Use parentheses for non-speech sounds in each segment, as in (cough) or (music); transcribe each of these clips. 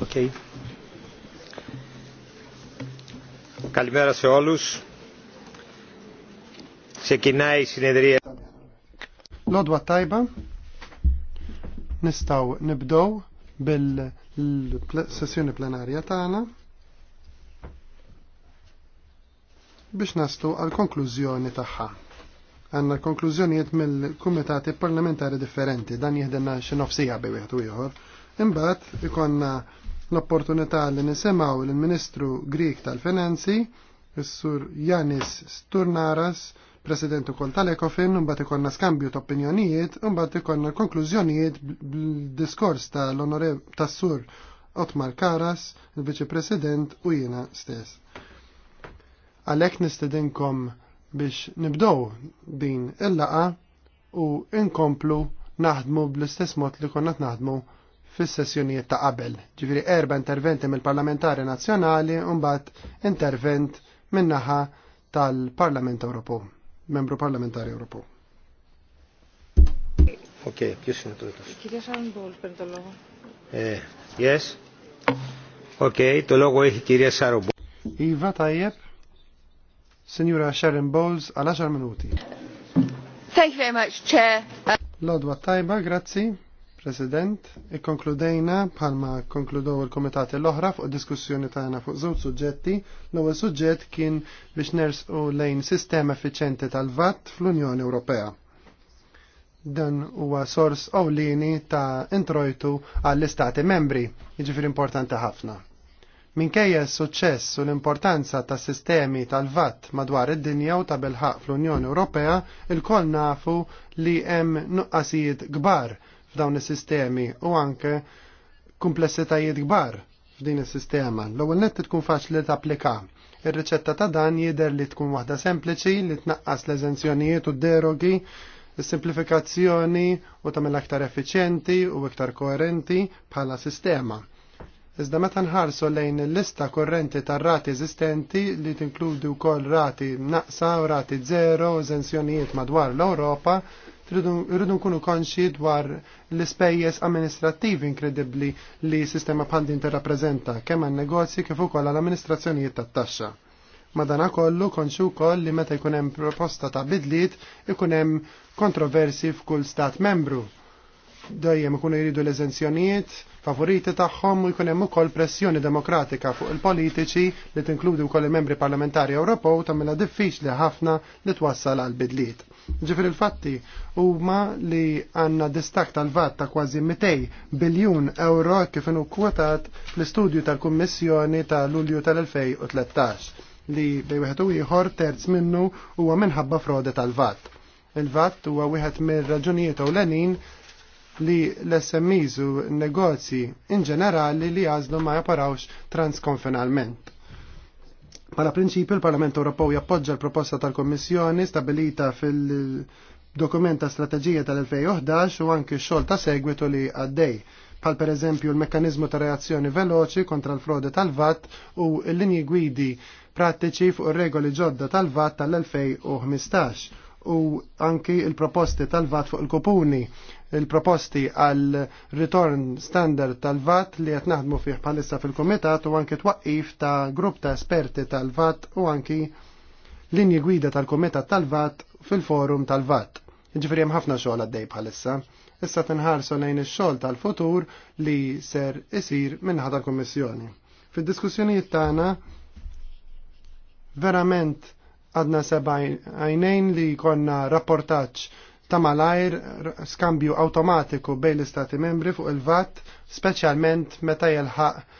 Okay. Καλημέρα σε όλους. Ξεκινάει η συνεδρία. Λόντουα Τάιμπα. Νεστάω νιμπδόου bil-sessjoni plenarja tagħna biex nastu għal konklużjoni tagħha għanna konklużjonijiet mill-kumitati parlamentari differenti, dan jihdenna xinofsija bi wieħed u ieħor. Imbagħad ikonna l-opportunità li nisimgħu lill-Ministru Grik tal-Finanzi, is-Sur Janis Sturnaras, President ukoll tal-Ekofin, imbagħad ikonna skambju ta' opinjonijiet, imbagħad ikonna konklużjonijiet bl-diskors tal-Onorev tas-Sur Otmar Karas, il-Viċi President u jiena stess. Għalhekk nistedinkom biex nibdow din il-laqa u inkomplu naħdmu bl-istess mod li konna naħdmu fis-sessjonijiet ta' qabel. Ġifieri erba' interventi mill-Parlamentari Nazzjonali un mbagħad intervent min-naħa tal-Parlament Ewropew, membru Parlamentari Ewropew. Ok, kif Eh, yes. Ok, to logo ich kirja sarubu. Iva tajjeb. Signora Sharon Bowles għal 10 minuti. Thank you very much, Chair. Lodwa tajba, grazzi. President, ikkonkludejna bħalma konkludow il-komitati l-oħra fuq diskussjoni tagħna fuq żewġ suġġetti. L-ewwel suġġett kien biex nersqu lejn sistema effiċjenti tal-VAT fl-Unjoni Ewropea. Dan huwa sors ewlieni ta' introjtu għall-istati membri, jiġifieri importanti ħafna. Minkejja s-suċċess u l-importanza ta' sistemi tal-VAT madwar id-dinja u ta' bilħaq fl-Unjoni Ewropea, il-koll nafu li hemm nuqqasijiet kbar f'dawn is-sistemi u anke kumplessitajiet kbar f'din is-sistema. L-ewwel nett tkun faċli tapplika. Ir-riċetta ta' dan jidher li tkun waħda sempliċi li tnaqqas l-eżenzjonijiet u d-derogi is-simplifikazzjoni u tagħmel aktar effiċjenti u iktar koerenti bħala sistema Iżda meta nħarsu lejn il-lista korrenti tar rati eżistenti li tinkludi wkoll rati naqsa u rati zero eżenzjonijiet madwar l-Ewropa, rridu nkunu konxi dwar l-ispejjeż amministrattivi inkredibbli li sistema bħandin tirrappreżenta kemm għan negozji kif ukoll għall amministrazzjonijiet tat-taxxa. Madana kollu konxu koll li meta jkun hemm proposta ta' bidliet ikun hemm kontroversi f'kull stat membru. Dejjem ikunu jridu l-eżenzjonijiet, favoriti tagħhom u jkun hemm ukoll pressjoni demokratika fuq il-politiċi li tinkludi wkoll il-membri parlamentari Ewropew tagħmilha diffiċli ħafna li twassal għal bidliet. Ġifir il-fatti huma li għandna distak tal-vat ta' kważi 200 biljun euro kif inhu kwotat fl-istudju tal-Kummissjoni ta' Lulju tal-2013 li bejwieħed u ieħor terz minnu huwa minħabba frodi tal-vat. Il-vat huwa wieħed mir-raġunijiet ewlenin li l-SMEs u negozji in ġenerali li għazlu ma japarawx transkonfinalment. Pala prinċipju l-Parlament Ewropew jappoġġa l-proposta tal-Kommissjoni stabilita fil-dokumenta strateġija tal-2011 u anki x-xogħol ta' segwitu li għaddej bħal per eżempju l-mekkanizmu ta' reazzjoni veloċi kontra l-frodi tal-VAT u l-linji gwidi prattiċi fuq regoli ġodda tal-VAT tal-2015 u anki il-proposti tal-VAT fuq il-kupuni, il-proposti għal return standard tal-VAT li qed naħdmu fih bħalissa fil-Kumitat u anki twaqqif ta' grupp ta' esperti tal-VAT u anki linji gwida tal-Kumitat tal-VAT fil-forum tal-VAT. Ġifieri hemm ħafna xogħol għaddej bħalissa. Issa tinħarsu lejn ix-xogħol tal-futur li ser isir minħata l-Kummissjoni. Fid-diskussjonijiet tagħna verament għadna sebajn għajnejn li konna rapportaċ ta' malajr skambju automatiku bejn l-istati membri fuq il-VAT, specialment meta jelħaq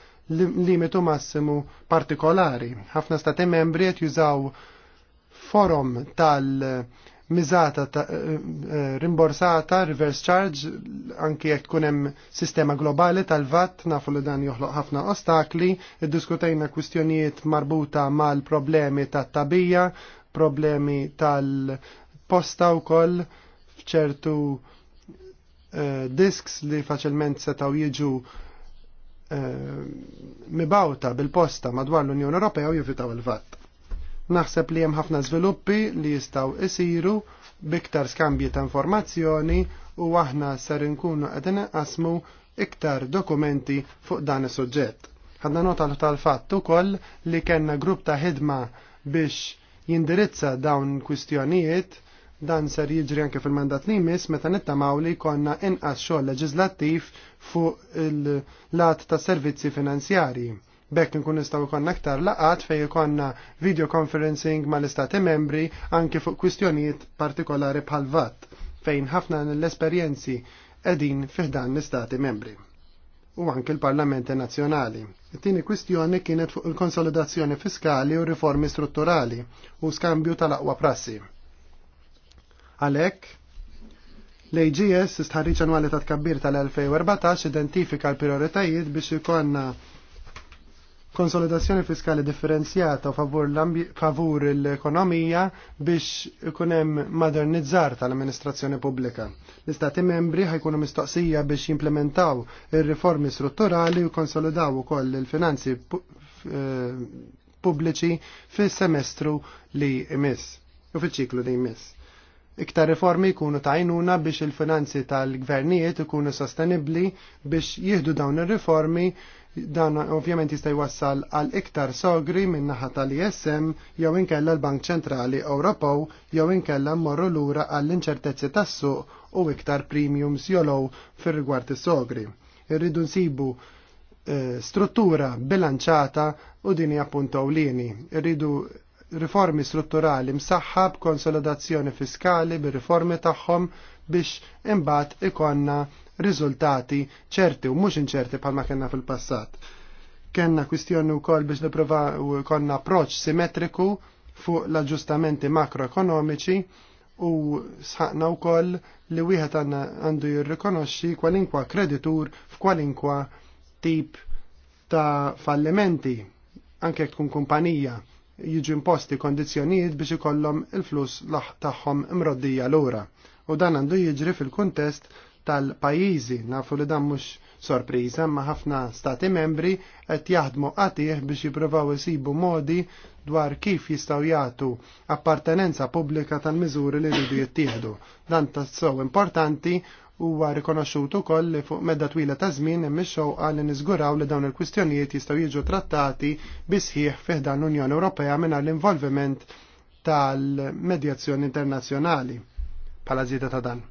limitu massimu partikolari. Ħafna stati membri qed jużaw forum tal- ta, eh, eh, rimborsata, reverse charge, anki jekk tkun hemm sistema globali tal-VAT, nafu li dan joħloq ħafna ostakli, iddiskutejna kwistjonijiet marbuta mal-problemi tat-tabija, problemi tal-posta wkoll f'ċertu uh, disks li faċilment setgħu jiġu uh, mibawta bil-posta madwar l-Unjoni Ewropea u jifitaw il-VAT. Naħseb li hemm ħafna żviluppi li jistgħu isiru biktar skambji ta' informazzjoni u aħna ser inkunu qed inqasmu iktar dokumenti fuq dan is-suġġett. Ħadna nota tal-fatt ukoll li kellna grupp ta' ħidma biex jindirizza dawn kwistjonijiet dan ser jiġri anke fil-mandat li jmiss meta nittamaw li konna inqas xogħol leġislattiv fuq il-lat ta' servizzi finanzjarji Bekk nkun nistaw jkollna aktar laqat fejn ikonna video conferencing mal-istati membri anke fuq kwistjonijiet partikolari bħal VAT fejn ħafna l-esperjenzi qegħdin fiħdan l-istati membri u anke l-Parlamenti Nazzjonali. It-tieni kwistjoni kienet fuq il-konsolidazzjoni fiskali u riformi strutturali u skambju tal-aqwa prassi. Għalhekk, l-AGS istħarriċ annwali tat-kabbir tal-2014 identifika l-prioritajiet biex ikonna konsolidazzjoni fiskali differenzjata favur, favur l-ekonomija biex ikun hemm modernizzar tal-amministrazzjoni pubblika. L-istati membri ħajkunu mistoqsija biex jimplementaw il riformi strutturali u konsolidaw ukoll il-finanzi eh, pubbliċi fis-semestru li jmiss u fil-ċiklu li jmiss. Iktar riformi jkunu tajnuna biex il-finanzi tal-gvernijiet ikunu sostenibli biex jihdu dawn ir-riformi Dan ovvjament jista' jwassal għal iktar sogri minn naħa tal-ISM jew inkella l-Bank Ċentrali Ewropew jew inkella mmorru lura għall-inċertezzi tas-suq u iktar premiums jolow fir-rigward is-sogri. Irridu nsibu eh, struttura bilanċata u dini appunto ewlieni. Irridu riformi strutturali msaħħa b'konsolidazzjoni fiskali bir-riformi tagħhom biex imbagħad ikonna riżultati ċerti u mhux inċerti bħalma kellna fil-passat. Kenna kwistjoni wkoll biex nipprova konna approċċ simmetriku fuq l-aġġustamenti makroekonomiċi u sħaqna wkoll li wieħed għandu jirrikonoxxi kwalinkwa kreditur f'kwalinkwa tip ta' fallimenti anke tkun kumpanija jiġu imposti kondizjonijiet biex ikollhom il-flus tagħhom imroddija lura. U dan għandu jiġri fil-kuntest tal-pajizi. Nafu li dan mhux sorpriża, ma ħafna stati membri qed jaħdmu qatih biex jippruvaw isibu modi dwar kif jistgħu jagħtu appartenenza pubblika tal-miżuri li jridu jittieħdu. Dan tassew importanti huwa rikonoxxut ukoll li fuq medda twila ta' żmien hemm ix-xewqa li niżguraw li dawn il-kwistjonijiet jistgħu jiġu trattati bisħieħ fih dan l-Unjoni Ewropea mingħajr l-involviment tal-medjazzjoni internazzjonali bħala żieda ta' dan.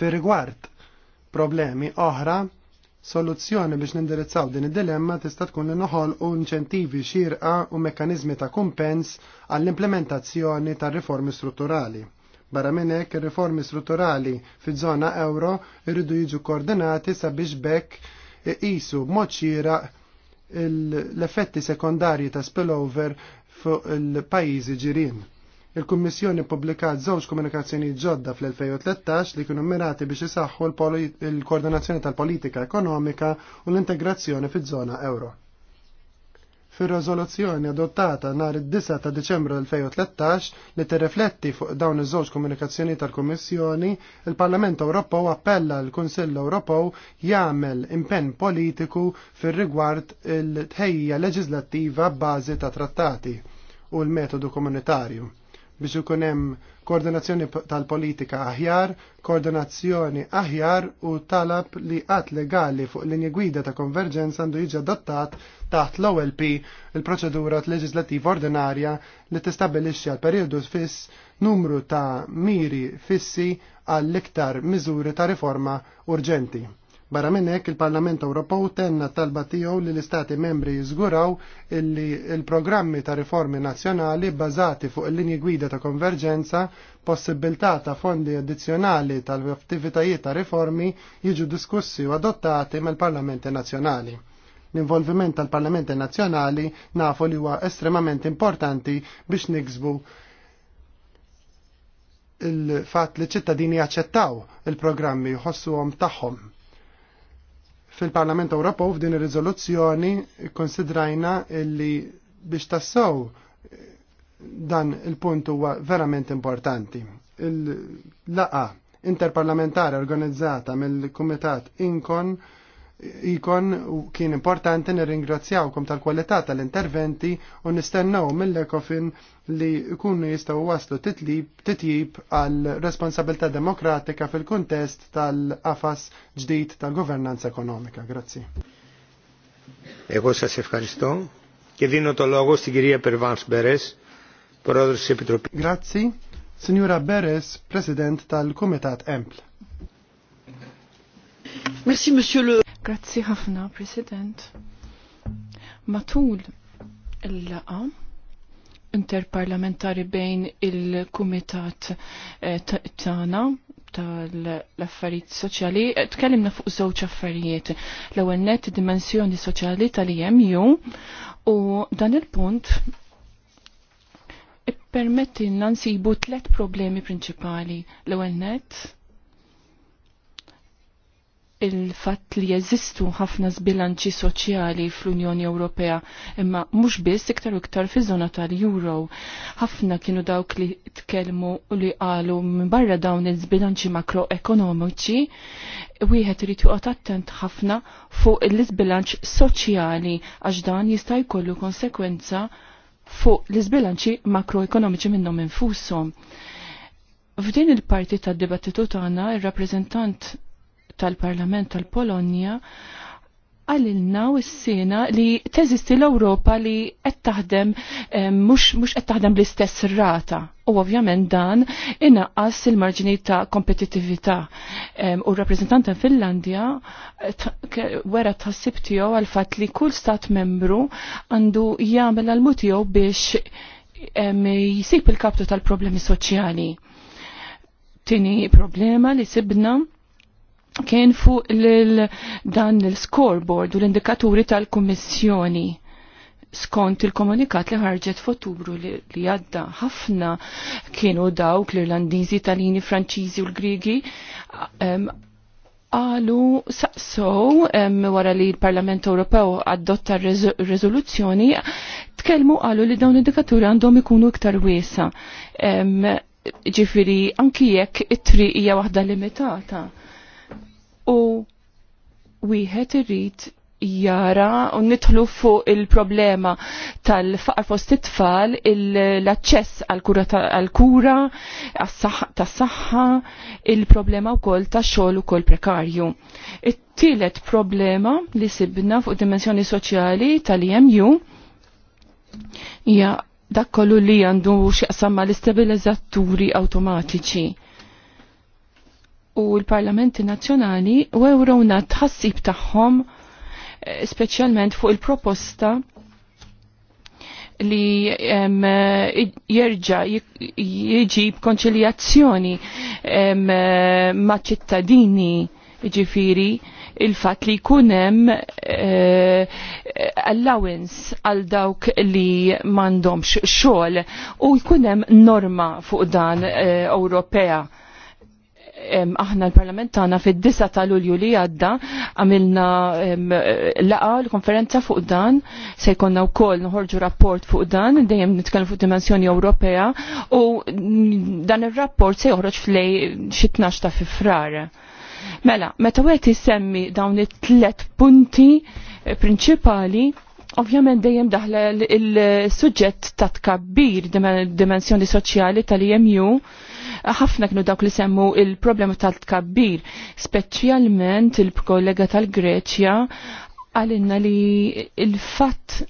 Fi rigward problemi oħra, soluzzjoni biex nindirizzaw din id-dilemma tista' tkun li u inċentivi xirqa u mekkaniżmi ta' kumpens għall-implementazzjoni ta' riformi strutturali. Barra minn hekk ir-riformi strutturali fiż-żona euro irridu jiġu koordinati sabiex bekk iqisu b'mod xieraq l-effetti sekondarji ta' spillover fuq il-pajjiżi ġirien. Il-Kummissjoni ppubblikat żewġ komunikazzjoni ġodda fl-2013 li kienu mirati biex isaħħu l-koordinazzjoni tal-politika ekonomika u l-integrazzjoni fiż-żona euro. Fir-riżoluzzjoni adottata nhar id-9 ta' Diċembru 2013 li tirrifletti fuq dawn iż-żewġ komunikazzjoni tal-Kummissjoni, il-Parlament Ewropew appella l kunsill Ewropew jagħmel impenn politiku fir-rigward il-tħejja leġislattiva bbażi ta' trattati u l-metodu komunitarju biex ikun hemm koordinazzjoni tal-politika aħjar, koordinazzjoni aħjar u talab li qatt legali fuq linji gwida ta' konverġenza għandu jiġi adottat taħt l-OLP il-proċedura leġislativa ordinarja li tistabilixxi għal periodu fiss numru ta' miri fissi għall-iktar miżuri ta' riforma urġenti. Barra minnek il-Parlament Ewropew tenna talba tiegħu li l-Istati membri jiżguraw illi il-programmi ta' riformi nazzjonali bbażati fuq il-linji gwida ta' konverġenza, possibilità ta' fondi addizzjonali tal-attivitajiet ta' riformi jiġu diskussi u adottati mill-Parlamenti Nazzjonali l-involviment tal-Parlamenti Nazzjonali nafu li huwa estremament importanti biex niksbu il-fat li ċittadini jaċċettaw il-programmi jħossuhom tagħhom. Fil-Parlament Ewropew f'din ir-riżoluzzjoni konsidrajna li biex tassaw dan il-punt huwa verament importanti. Il-laqa interparlamentari organizzata mill-Kumitat Inkon ikon kien importanti nirringrazzjawkom tal-kwalità tal-interventi u nistennaw mill-ekofin li kunu jistaw waslu titjib għal responsabilità demokratika fil-kuntest tal afas ġdid tal-governanza ekonomika. Grazzi. Ego σας ευχαριστώ και δίνω το λόγο στην κυρία Περβάνς Μπερές, πρόεδρος της Επιτροπής. Grazzi, signora Beres, president tal-Kumitat Empl. Merci, monsieur le... Grazzi ħafna, President. Matul il-laqa interparlamentari bejn il-Kumitat eh, Tana tal-affarijiet soċjali, eh, tkellimna fuq żewġ affarijiet. L-ewwel net dimensjoni soċjali tal-EMU u dan il-punt permetti nsibu tlet problemi prinċipali. L-ewwel net il-fatt li jeżistu ħafna zbilanċi soċjali fl-Unjoni Ewropea, imma mhux biss iktar u iktar fiż-żona tal-Euro. Ħafna kienu dawk li tkellmu u li qalu minn barra dawn il-zbilanċi makroekonomiċi, wieħed irid joqgħod attent ħafna fuq l-iżbilanċ soċjali għax dan jista' jkollu konsekwenza fuq l-iżbilanċi makroekonomiċi minnhom infushom. F'din il-parti tad-dibattitu tagħna ir-rappreżentant il parti tad dibattitu tagħna ir rappreżentant tal-Parlament tal-Polonja għalilna u s-sena li teżisti l-Europa li qed taħdem eh, mhux qed taħdem l-istess rata. U ovvjament dan inaqqas il-marġini ta' kompetittività. Eh, u r ta' Finlandja eh, wera tħassib tiegħu għal fatt li kull stat membru għandu jagħmel għal mutiegħu biex jisib il-kaptu tal-problemi soċjali. Tini problema li sibna kien fuq dan il-scoreboard u l-indikaturi tal-Kummissjoni skont il-komunikat li ħarġet f'Ottubru li għadda ħafna kienu dawk l-Irlandiżi, Talini, Franċiżi u l-Grigi għalu saqsow wara li l-Parlament Ewropew adotta r-rezoluzzjoni tkellmu għalu li dawn l indikaturi għandhom ikunu iktar wiesa. Ġifiri, anki jekk it-triqija waħda limitata u wieħed irrid jara u nitħlu fuq il-problema tal-faqar fost it-tfal l-aċċess għal-kura tas-saħħa il-problema wkoll tax-xogħol ukoll prekarju. It-tielet problema li sibna fuq dimensjoni soċjali tal-EMU hija dak kollu li għandu x'jaqsam mal-istabilizzaturi awtomatiċi u l-parlamenti nazzjonali u ewrowna tħassib tagħhom eh, speċjalment fuq il-proposta li um, jerġa jieġib konċiljazzjoni um, ma' ċittadini ġifiri il-fat li kunem uh, allowance għal dawk li mandomx xol u jkunem norma fuq dan uh, Ewropea aħna l-Parlament tagħna fid disa ta' Lulju li għadda għamilna laqa l-konferenza fuq dan se jkollna wkoll noħorġu rapport fuq dan dejjem nitkellmu fuq dimensjoni Ewropea u dan ir-rapport se joħroġ flej xi 12 ta' fifrar. Mela, meta wieħed isemmi dawn it-tlet punti eh, prinċipali Ovvjament dejjem daħla il-suġġett ta' tkabbir dimensjoni soċjali tal-EMU ħafna kienu dawk li semmu il-problema tal-tkabbir, speċjalment il-kollega tal-Greċja għalinna li il-fatt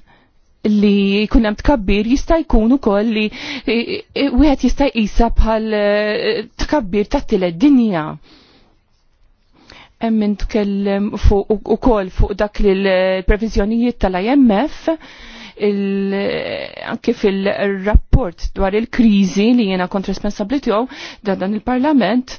li jkun hemm tkabbir jista' jkun ukoll li wieħed jista' jqisha bħal eh, tkabbir tat-tielet dinja Emmin tkellem fuq u kol fuq dak li l-previżjonijiet tal-IMF anke fil-rapport dwar il-krizi li jena kont responsabli tiegħu da dan il-Parlament,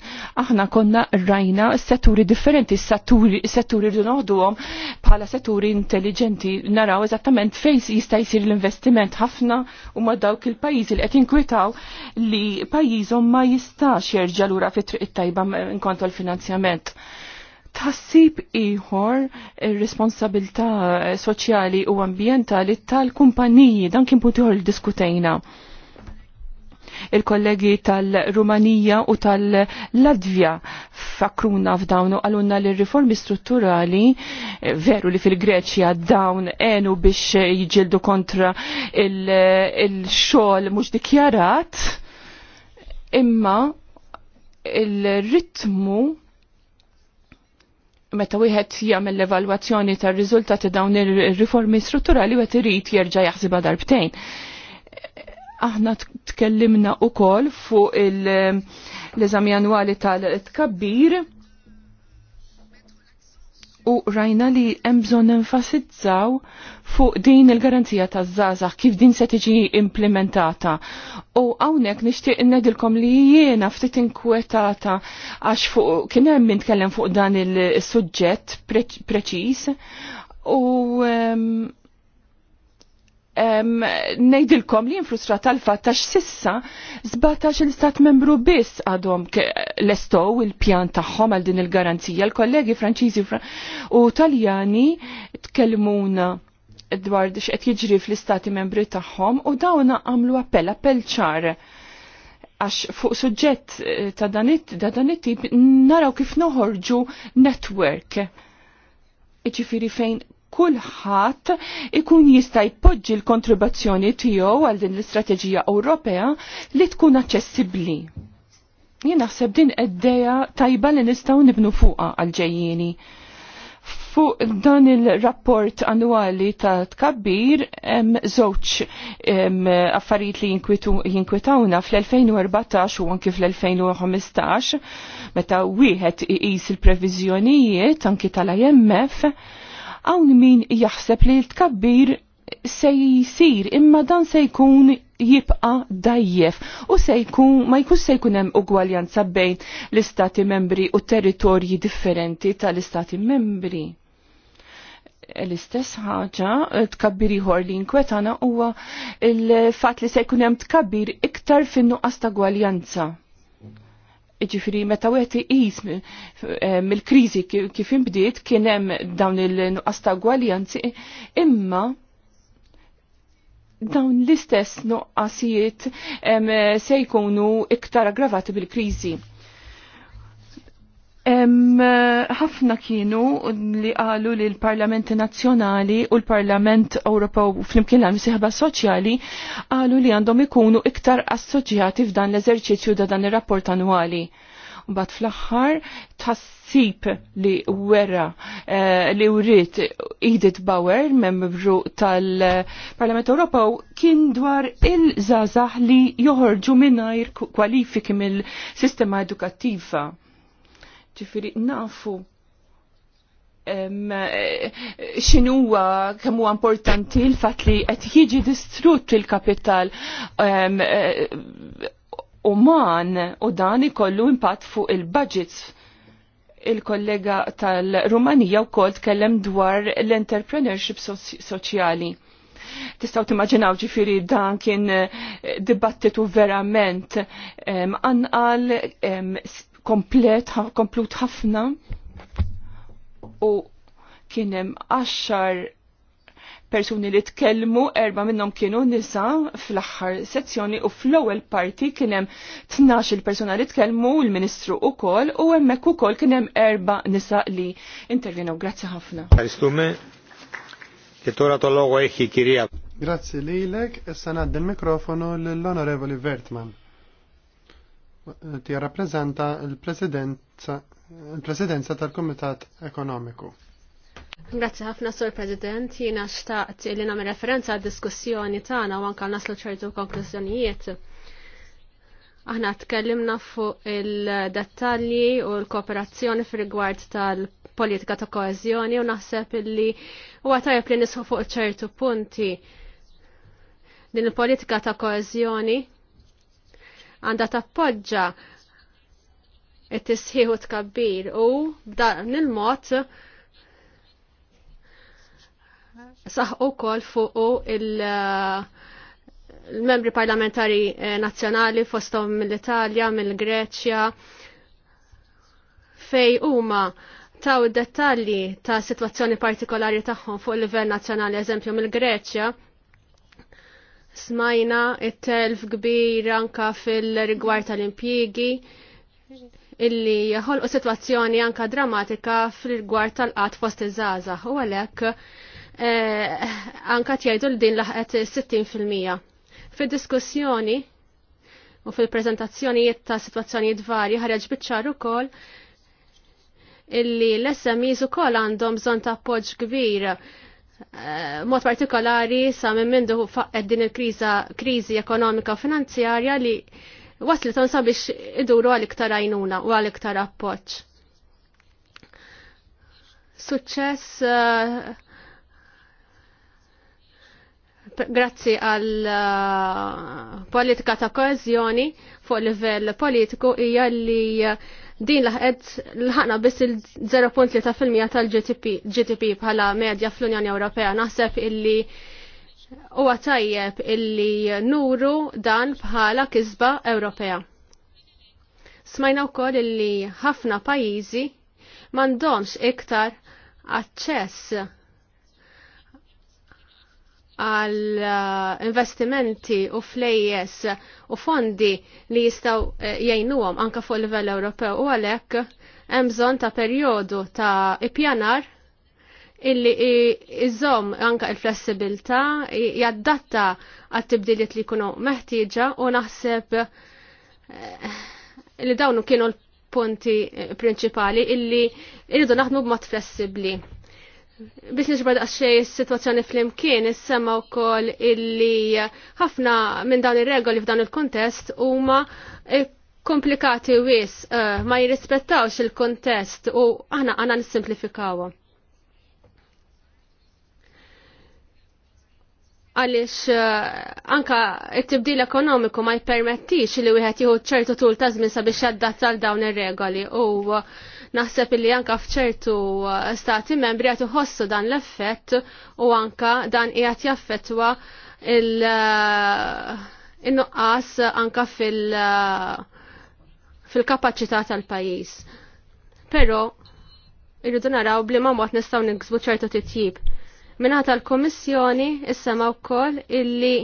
aħna konna rajna setturi differenti, setturi rridu noħduhom bħala setturi intelligenti naraw eżattament fejn jista' jsir l-investiment ħafna u ma dawk il-pajjiżi li qed inkwitaw li pajjiżhom ma jistax jerġa' lura fit-triq it-tajba inkontu l-finanzjament Tħassib iħor responsabilta soċjali u ambientali tal-kumpaniji, dan kien punt iħor diskutejna il-kollegi tal-Rumanija u tal-Latvja fakruna f'dawnu għalunna li riformi strutturali veru li fil-Greċja dawn enu biex jġildu kontra il-xol mux dikjarat imma il-ritmu meta wieħed jagħmel l-evalwazzjoni tar-riżultati dawn ir-riformi strutturali wieħed irid jerġa' jaħsibha darbtejn. Aħna tkellimna ukoll fuq l-eżami annwali tal-tkabbir u rajna li hemm bżonn enfasizzaw fuq din il-garanzija taż zazax kif din se tiġi implementata. U hawnhekk nixtieq innedilkom li jiena ftit inkwetata għax fuq kien hemm min tkellem fuq dan il-suġġett preċiż u um, nejdilkom li jinfrustra tal-fat tax sissa 17 il-stat membru biss għadhom l-estow il-pjan tagħhom għal din il-garanzija. L-kollegi franċiżi u taljani tkellmuna dwar qed jiġri fl-istati membri tagħhom u dawna għamlu appell, appell ċar għax fuq suġġett eh, ta' dan it-tip naraw kif noħorġu network. Iġifiri fejn kulħadd ikun jista' jpoġġi l-kontribuzzjoni tiegħu għal din l-istrateġija Ewropea li tkun aċċessibbli. Jien naħseb din għeddeja tajba li nistgħu nibnu fuqha għal-ġejjieni. Fuq dan il-rapport annwali ta' tkabbir żewġ affarijiet li jinkwitawna fl-2014 u anki fl-2015 meta wieħed iqis il-previżjonijiet anki tal-IMF Hawn min jaħseb li l-tkabbir se jisir imma dan se jkun jibqa dajjef u se jkun ma jkun se jkun hemm ugwaljanza bejn l-istati membri u territorji differenti tal-istati membri. L-istess ħaġa tkabbir ieħor li nkwetana huwa il-fatt li se jkun hemm tkabbir iktar fin-nuqqas ta' gwaljanza ġifiri meta wieħed iqis eh, mill-kriżi kif inbdiet kien hemm dawn il-nuqqas ta' gwaljanzi imma dawn l-istess nuqqasijiet se jkunu iktar aggravati bil-kriżi ħafna kienu li qalu li l-Parlamenti Nazzjonali u l-Parlament Ewropew flimkien l-imsieħba soċjali qalu li għandhom ikunu iktar assoċjati f'dan l-eżerċizzju da dan ir-rapport annwali. Mbagħad fl-aħħar tassib li wera eh, li wrid Edith Bauer, membru tal-Parlament Ewropew, kien dwar il-żazax li joħorġu mingħajr kwalifiki mill-sistema edukattiva ġifiri nafu eh, xinuwa kemm huwa importanti l-fatt li qed jiġi distrutt il-kapital eh, uman u dan ikollu impatt fuq il-budgets il-kollega tal-Rumanija wkoll tkellem dwar l-entrepreneurship soċjali. Tistaw timmaġinaw ġifiri dan kien eh, dibattitu verament anqal komplet, komplut ħafna u kienem għaxar persuni li tkellmu, erba minnhom kienu nisa fl-aħħar sezzjoni u fl-ewwel parti kien hemm tnax il persuna li tkellmu l-Ministru kol u hemmhekk ukoll kien hemm erba' nisa li intervjenu. Grazzi ħafna. Karistume. Kittura tal-logo eħi kirija. Grazzi lilek, Essa ngħaddi l-mikrofonu lill-Onorevoli Vertman ti rappresenta il presidenza tal-Komitat Ekonomiku. Grazie ħafna, Sur President. Jiena xtaqt li nagħmel referenza għad diskussjoni tagħna u anke naslu ċertu konklużjonijiet. Aħna tkellimna fuq il-dettalji u l-kooperazzjoni fir-rigward tal-politika ta' koeżjoni u naħseb li huwa tajjeb li nisħu fuq ċertu punti din il-politika ta' koeżjoni għandha tappoġġa it-tisħiħu tkabbir u b'dan il-mod u kol fuq il-membri parlamentari eh, nazzjonali fostom mill-Italja, mill-Greċja, fej huma taw dettalji ta' situazzjoni partikolari tagħhom fuq il livell nazzjonali, eżempju mill-Greċja, Smajna it-telf kbir anka fil-rigward tal-impjiegi illi jħolqu situazzjoni anka drammatika fil-rigward tal-qat fost iż-żaza. U għalhekk eh, anka tjajdu l din laħqet 60%. Fid-diskussjoni u fil-prezentazzjonijiet ta' situazzjonijiet varji ħareġ biċċar ukoll illi l smis ukoll għandhom bżonn ta' appoġġ kbir Eh, mod partikolari sa minn mindu faqqed din il-krizi ekonomika u finanzjarja li waslet sa biex iduru għal-iktar għajnuna u għal-iktar appoċ. Suċċess eh, grazzi għal uh, politika ta' koezjoni fuq livell politiku hija li uh, din laħed l-ħana biss il-0.3% tal-GDP bħala medja fl-Unjoni Ewropea. Naħseb illi huwa tajjeb illi nuru dan bħala kisba Ewropea. Smajna wkoll illi ħafna pajjiżi m'għandhomx iktar aċċess għal eh, investimenti u flejjes u fondi li jistaw eh, jgħinuhom anka fuq livell Ewropew u għalhekk hemm bżonn ta' perjodu ta' ippjanar illi iżom anka il-flessibilta jaddatta għat-tibdiliet li kunu meħtieġa u naħseb eh, li dawnu kienu l-punti prinċipali illi irridu naħdmu b'mod flessibli biex nixbad għaxxej s-situazzjoni fl-imkien, s-semma u koll illi ħafna minn dawn il-regoli f'dan il-kontest huma eh, komplikati u uh, eh, ma jirrispettawx il-kontest u aħna għana nissimplifikawa. Għalix uh, eh, anka il tibdil ekonomiku ma jpermettix li wieħed jieħu ċertu tul ta' żmien sabiex jaddat tal dawn ir-regoli u uh, Naħseb illi anka fċertu eh, stati membri għatu ħossu dan l-effett u anka dan jgħat jaffetwa il-nuqqas eh, anka fil- eh, fil-kapacità tal-pajis. Pero, irridu naraw ma mod nistaw nikzbu ċertu titjib. Minna tal-Komissjoni issema wkoll illi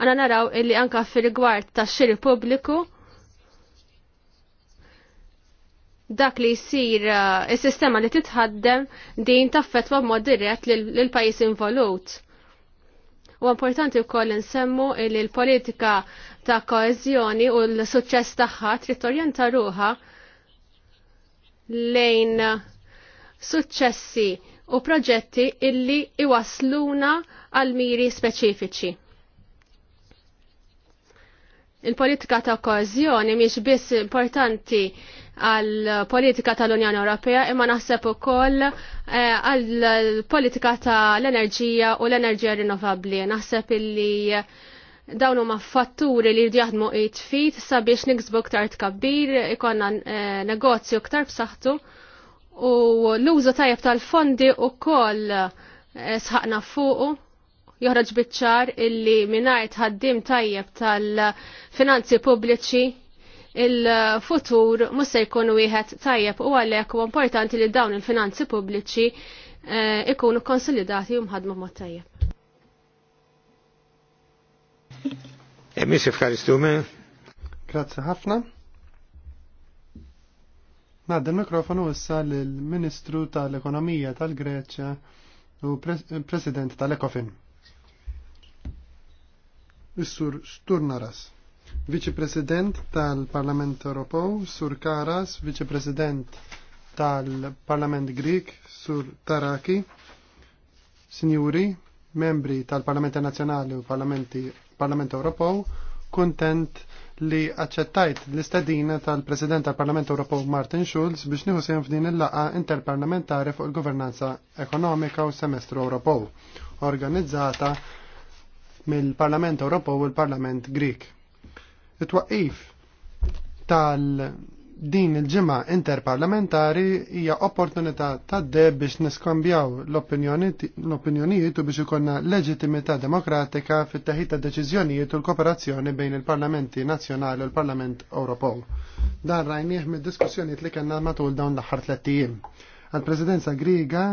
għana naraw illi anka fil-rigward ta' xiri pubbliku dak li jisir eh, il-sistema li titħaddem din taffetwa b'mod dirett lill-pajjiż involut. U importanti wkoll nsemmu li l-politika ta' koezjoni u l-suċċess tagħha trid torjenta ruha lejn suċċessi u proġetti illi iwasluna għal miri speċifiċi. Il-politika ta' koezjoni mhix biss importanti għal politika tal-Unjoni Ewropea imma naħseb ukoll eh, għal politika tal-enerġija u l-enerġija rinnovabbli. Naħseb illi dawn huma fatturi li jaħdmu it-fit sabiex niksbu ktar tkabbir, ikonna eh, negozju ktar b'saħħtu u l-użu tajjeb tal-fondi ukoll eh, sħaqna fuqu joħroġ biċ-ċar illi mingħajr ħaddim tajjeb tal-finanzi pubbliċi il-futur mhux jkunu jkun wieħed tajjeb u għalhekk huwa importanti li dawn il-finanzi pubbliċi eh, ikunu konsolidati u mħadmu mod tajjeb. Emmi eh, sifħaristume. Grazzi ħafna. Nadda mikrofonu issa l-Ministru tal-Ekonomija tal-Greċja u President tal-Ekofin. Issur Sturnaras. Viċi President tal-Parlament Ewropew, Sur Karas, Viċi President tal-Parlament Grik, Sur Taraki, Sinjuri, membri tal parlament Nazzjonali u Parlament Ewropew, kontent li accettajt l-istadina tal-President tal-Parlament Ewropew Martin Schulz biex nieħu sejn f'din il-laqa interparlamentari fuq il-governanza ekonomika u semestru Ewropew, organizzata mill-Parlament Ewropew u l-Parlament Grik. It-twaqif tal- din il-ġimgħa interparlamentari hija opportunità tad-deb biex niskambjaw l-opinjonijiet u biex ikonna leġitimità demokratika fit taħid ta' deċiżjonijiet u l-kooperazzjoni bejn il-Parlamenti Nazzjonali u l-Parlament Ewropew. Dan rajnieh mid-diskussjonijiet li kellna matul dawn l-aħħar tlettijiem. Għal-Presidenza Griga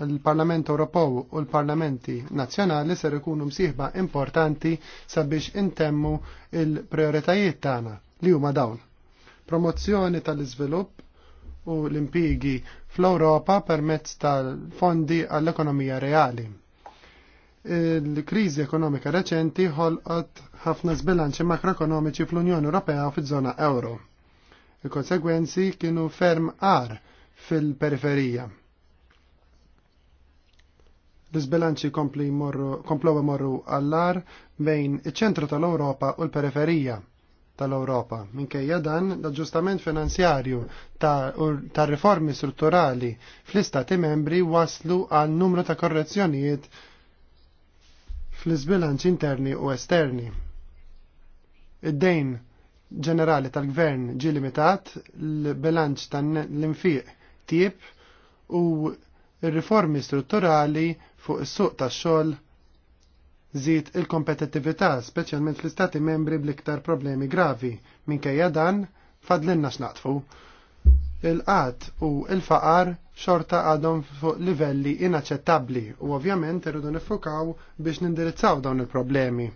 l-Parlament Ewropew u l-Parlamenti Nazzjonali ser ikunu msieħba importanti sabiex intemmu il-prioritajiet tagħna li huma dawn. Promozzjoni tal-iżvilupp u l-impigi fl-Ewropa permezz tal-fondi għall-ekonomija reali. Il-kriżi ekonomika reċenti ħolqot ħafna zbilanċi makroekonomiċi fl-Unjoni Ewropea u fiż-żona euro. Il-konsegwenzi kienu ferm ar fil-periferija l-izbilanċi komplow imorru għallar bejn iċ-ċentru tal-Ewropa u l-periferija tal-Ewropa. Minkejja dan, l-aġġustament finanzjarju ta' riformi strutturali fl-istati membri waslu għal numru ta' korrezzjonijiet fl-izbilanċi interni u esterni. Id-dejn ġenerali tal-gvern ġi limitat, l-bilanċ tal-infiq tip u ir-riformi strutturali fuq is-suq tax-xogħol żied il-kompetittività, speċjalment fl-istati membri bl-iktar problemi gravi. Minkejja dan, fadlinna x'naqtfu. Il-qat u il-faqar xorta għadhom fuq livelli inaċċettabbli u ovvjament irridu nifukaw biex nindirizzaw dawn il-problemi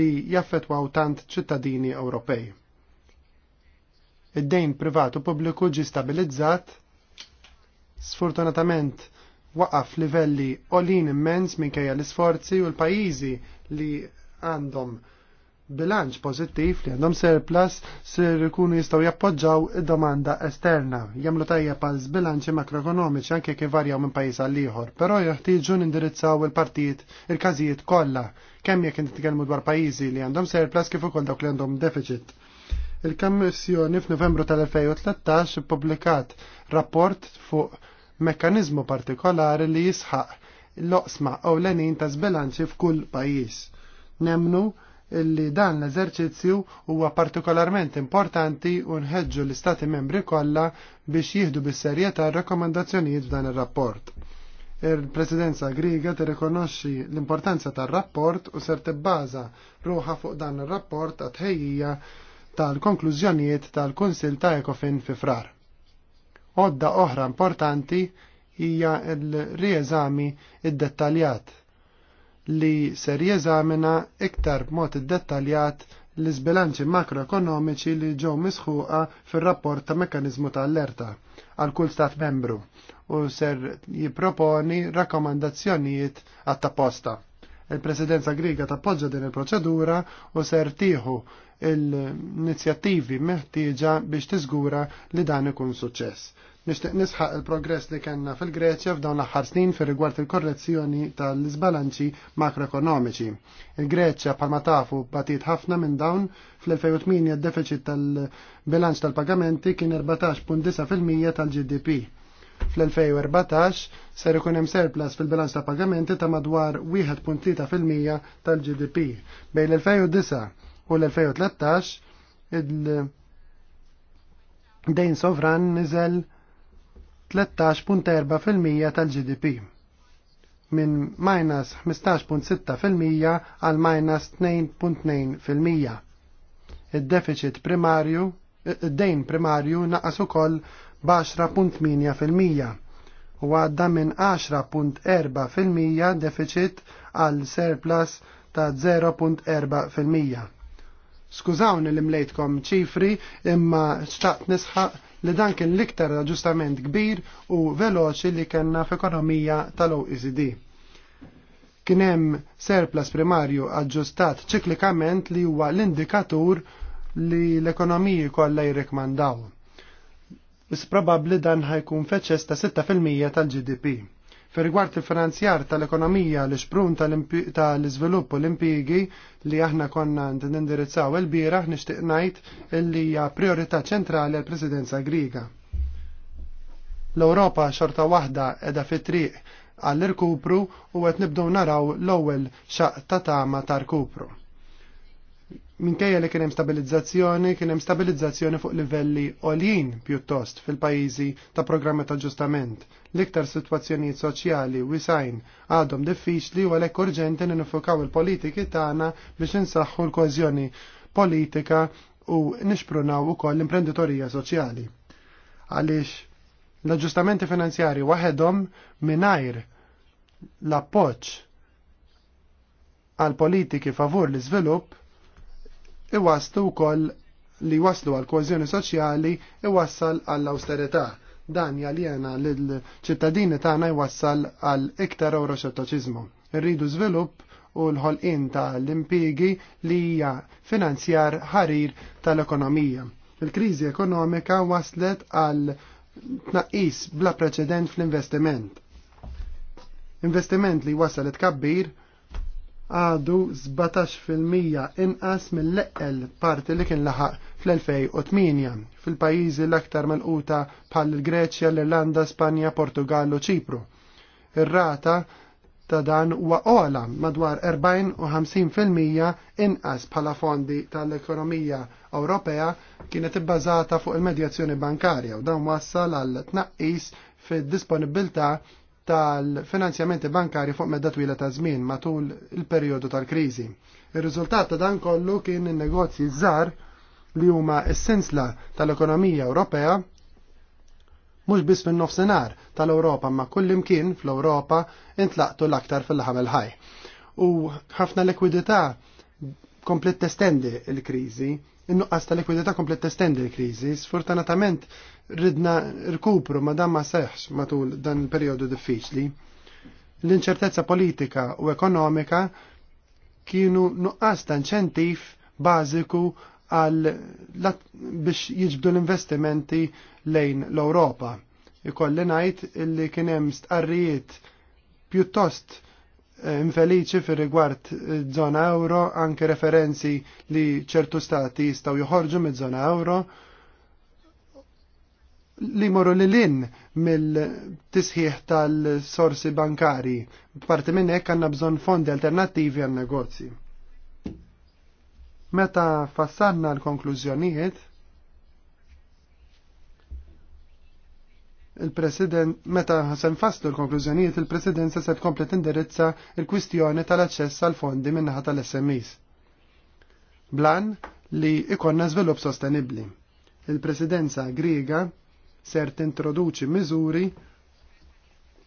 li jaffetwaw tant ċittadini Ewropej. Id-dejn privat u pubbliku ġi stabilizzat sfortunatament waqaf livelli olin immens minkejja l-isforzi u l-pajizi li għandhom bilanċ pozittiv li għandhom surplus sir kunu jistaw jappoġġaw domanda esterna. Jamlu tajja pal bilanċi makroekonomiċi anke kif varjaw minn pajjiż għal ieħor, però jeħtieġu nindirizzaw il-partijiet il-każijiet kollha kemm jekk nitkellmu dwar pajjiżi li għandhom surplus kif ukoll dawk li għandhom deficit. Il-Kommissjoni f'Novembru tal-2013 ippubblikat rapport fuq mekkanizmu partikolari li jisħaq l-oqsma u l-enin ta' zbilanċi f'kull pajis. Nemnu illi dan l-eżerċizzju huwa partikolarment importanti u nħeġġu l-Istati membri kollha biex jieħdu bis-serjetà r-rakkomandazzjonijiet f'dan ir-rapport. Il-Presidenza Griga tirrikonoxxi l-importanza tar-rapport u ser tibbaża ruħa fuq dan ir-rapport għat tal-konklużjonijiet tal-Kunsil ta' Ekofin fi frar. Odda oħra importanti hija l-rieżami id-dettaljat li ser jeżamina iktar b'mod id-dettaljat l-izbilanċi makroekonomiċi li ġew misħuqa fir-rapport ta' mekanizmu ta' allerta għal kull stat membru u ser jipproponi rakkomandazzjonijiet għat-tapposta. Il-Presidenza Griga tappoġġa din il-proċedura u ser tiħu l-inizjattivi meħtieġa biex tiżgura li dan ikun suċċess. Nixtieq nisħaq il-progress li kellna fil-Greċja f'dawn l-aħħar snin fir rigward il-korrezzjoni tal-isbalanċi makroekonomiċi. Il-Greċja bħalma tafu batit ħafna minn dawn fl-2008 id-deficit tal-bilanċ il 14.9% tal-GDP. tal bilanċ tal pagamenti kien tal bilanċ tal pagamenti kien 149 tal gdp Fl-2014 ser ikun hemm surplus fil-bilanċ ta' pagamenti ta' madwar 1.3% tal-GDP. Bejn l-2009 u l-2013 il-dejn sovran niżel 13.4% tal-GDP minn minus 15.6% għal minus 2.2%. Id-deficit primarju, id-dejn primarju naqas ukoll b'10.8% u għadda minn 10.4% deficit għal surplus ta' 0.4%. Skużawni li mlejtkom ċifri imma xtaqt nisħaq li dan kien l-iktar aġġustament kbir u veloċi li kellna f'ekonomija tal-OECD. Kien hemm surplus primarju aġġustat ċiklikament li huwa l-indikatur li l-ekonomiji kollha jirrekmandaw is dan ħajkun feċess ta' 6% tal-GDP. Fir-rigward il-finanzjar tal-ekonomija li xprun tal-iżvilupp u l-impjigi li aħna konna nindirizzaw il-bira nixtieq ngħid illi hija priorità ċentrali għall presidenza Griga. L-Ewropa xorta waħda edha fit-triq għall-irkupru u għet nibdow naraw l-ewwel xaq ta' tama ta' rkupru minkejja li kien hemm stabilizzazzjoni, kien hemm stabilizzazzjoni fuq livelli għoljin pjuttost fil-pajjiżi ta' programmi ta' ġustament. L-iktar sitwazzjonijiet soċjali u jisajn għadhom diffiċli u għalhekk urġenti nifukaw il-politiki tagħna biex insaħħu l kohezjoni politika u nixprunaw ukoll l-imprenditorija soċjali. Għaliex l-aġġustamenti finanzjari waħedhom mingħajr l-appoġġ għal politiki favur l-iżvilupp iwaslu wkoll li waslu għal kohezjoni soċjali iwassal għall austerità Dan jaljena l-ċittadini tagħna jwassal għal iktar euroxettoċiżmu. Irridu żvilupp u l-ħolqien ta' l-impigi li hija finanzjar ħarir tal-ekonomija. Il-kriżi ekonomika waslet għal tnaqqis bla preċedent fl-investiment. Investiment li wasal kabbir għadu 17% inqas mill-eqqel parti li kien laħaq fl-2008 fil-pajizi l-aktar mal-quta bħal greċja l-Irlanda, Spanja, Portugallu, Ċipru. Ir-rata ta' dan huwa ola madwar 40 50% inqas bħala fondi tal-ekonomija Ewropea kienet ibbażata fuq il-medjazzjoni bankarja u dan wassal għal tnaqqis fid-disponibilità tal-finanzjamenti bankari fuq medda twila ta' żmien matul il-perjodu tal-kriżi. Ir-riżultat ta' dan kollu kien in-negozji żgħar li huma essenzla tal-ekonomija Ewropea mhux biss fin nofsinhar tal-Ewropa ma' kull imkien fl-Ewropa intlaqtu l-aktar fil-ħamel ħaj. U ħafna likwidità komplet testendi l-kriżi, in-nuqqas ta' likwidità komplet testendi l-kriżi, sfortunatament ridna rkupru ma dan ma seħx matul dan il-perjodu diffiċli. L-inċertezza politika u ekonomika kienu nuqqas ta' inċentiv bażiku għal biex jiġbdu l-investimenti lejn l-Europa. Ikolli najt li hemm stqarrijiet pjuttost eh, infeliċi fir rigward eh, zona euro, anke referenzi li ċertu stati jistgħu joħorġu mid żona euro, li moru li lin mill-tisħiħ tal-sorsi bankari. Parti minn hekk għandna bżonn fondi alternattivi għal negozji. Meta fassanna l-konklużjonijiet, il-President, meta ħasen faslu l-konklużjonijiet, il-Presidenza se komplet tindirizza il-kwistjoni tal-aċċess għal fondi minnaħa tal-SMEs. Blan li ikonna żvilupp sostenibbli. Il-Presidenza Griega ser tintroduċi miżuri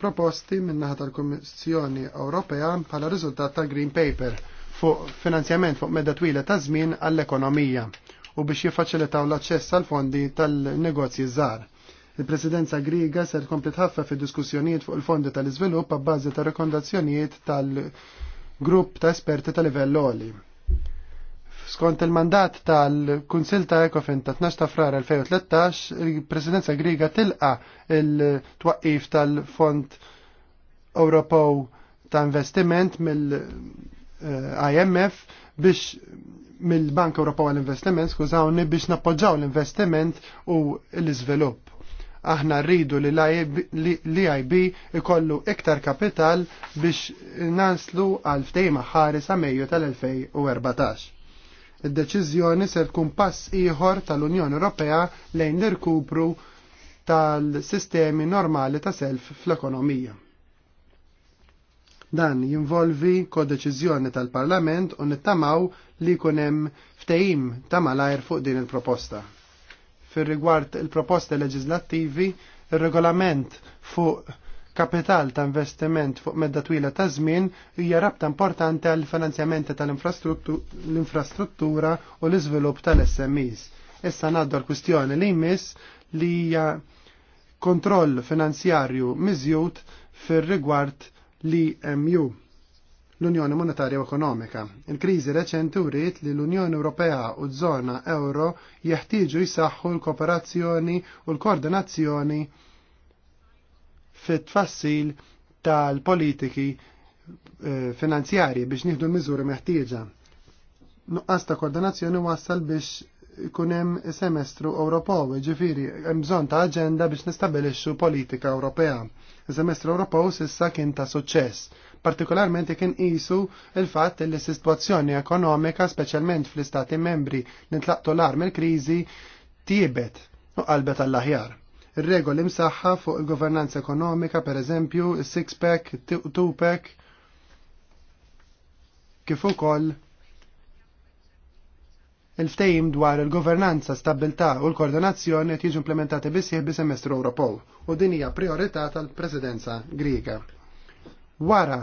proposti minnaħa tal-Kommissjoni Ewropea bħala riżultat tal-Green Paper fuq finanzjament fuq medda twila ta' żmien għall-ekonomija u biex jiffaċilitaw l-aċċess għal fondi tal-negozji żgħar. Il-Presidenza Griga ser tkompli tħaffa fi diskussjonijiet fuq il-fondi tal-iżvilupp għabbażi ta' rekomendazzjonijiet tal-grupp ta' esperti tal-livell oli. Skont il-mandat tal-Kunsil ta' Ekofin ta' 12 ta' frar 2013, il-Presidenza Griga tilqa il-twaqif tal-Fond Ewropew ta' Investiment mill-IMF biex mill-Bank Ewropew għal investiment skużawni, biex nappoġġaw l-investiment u l-iżvilupp. Aħna rridu li l-IB ikollu iktar kapital biex naslu għal ftejma ħares għamejju tal-2014. Id-deċiżjoni ser tkun pass ieħor tal-Unjoni Ewropea lejn l-irkupru tal-sistemi normali ta' self fl-ekonomija. Dan jinvolvi kodeċiżjoni tal-Parlament u nittamaw li kunem ftehim ta' malajr fuq din il-proposta. Fir rigward il-proposta leġislattivi, il-regolament fuq kapital ta' investiment fuq medda twila ta' żmien hija rabta importanti għal finanzjamenti tal-infrastruttura u l-iżvilupp tal-SMEs. Issa ngħaddu l-kwistjoni li jmiss li hija kontroll finanzjarju miżjud fir-rigward l-EMU l-Unjoni Monetarja Ekonomika. Il-kriżi reċenti uriet li l-Unjoni Ewropea u żona euro jeħtieġu jisaħħu l-kooperazzjoni u l-koordinazzjoni fit-tfassil tal-politiki eh, finanzjari biex nieħdu l-miżuri meħtieġa. Nuqqas ta' koordinazzjoni wassal biex kunem semestru Ewropew, ġifiri, hemm bżonn ta' aġenda biex nistabilixxu politika Ewropea. Semestru Ewropew s'issa kien ta' suċċess, partikolarment kien qisu il-fatt li s-sitwazzjoni ekonomika, speċjalment fl-istati membri li l-arm il-kriżi, tiebet u qalbet għall-aħjar regoli msaħħa fuq il-governanza ekonomika, per eżempju, six-pack, two-pack, kif ukoll il ftehim dwar il-governanza, stabilità u l-koordinazzjoni qed jiġu implementati bisih bis-semestru Ewropew u din hija priorità tal-Presidenza Griega. Wara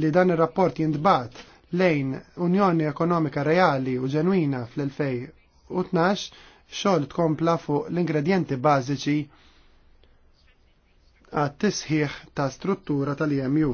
li dan ir-rapport jintbagħat lejn Unjoni Ekonomika Reali u Ġenwina fl-2012 xogħol tkompla fuq l-ingredjenti bażiċi għat tisħiħ ta' struttura tal-EMU.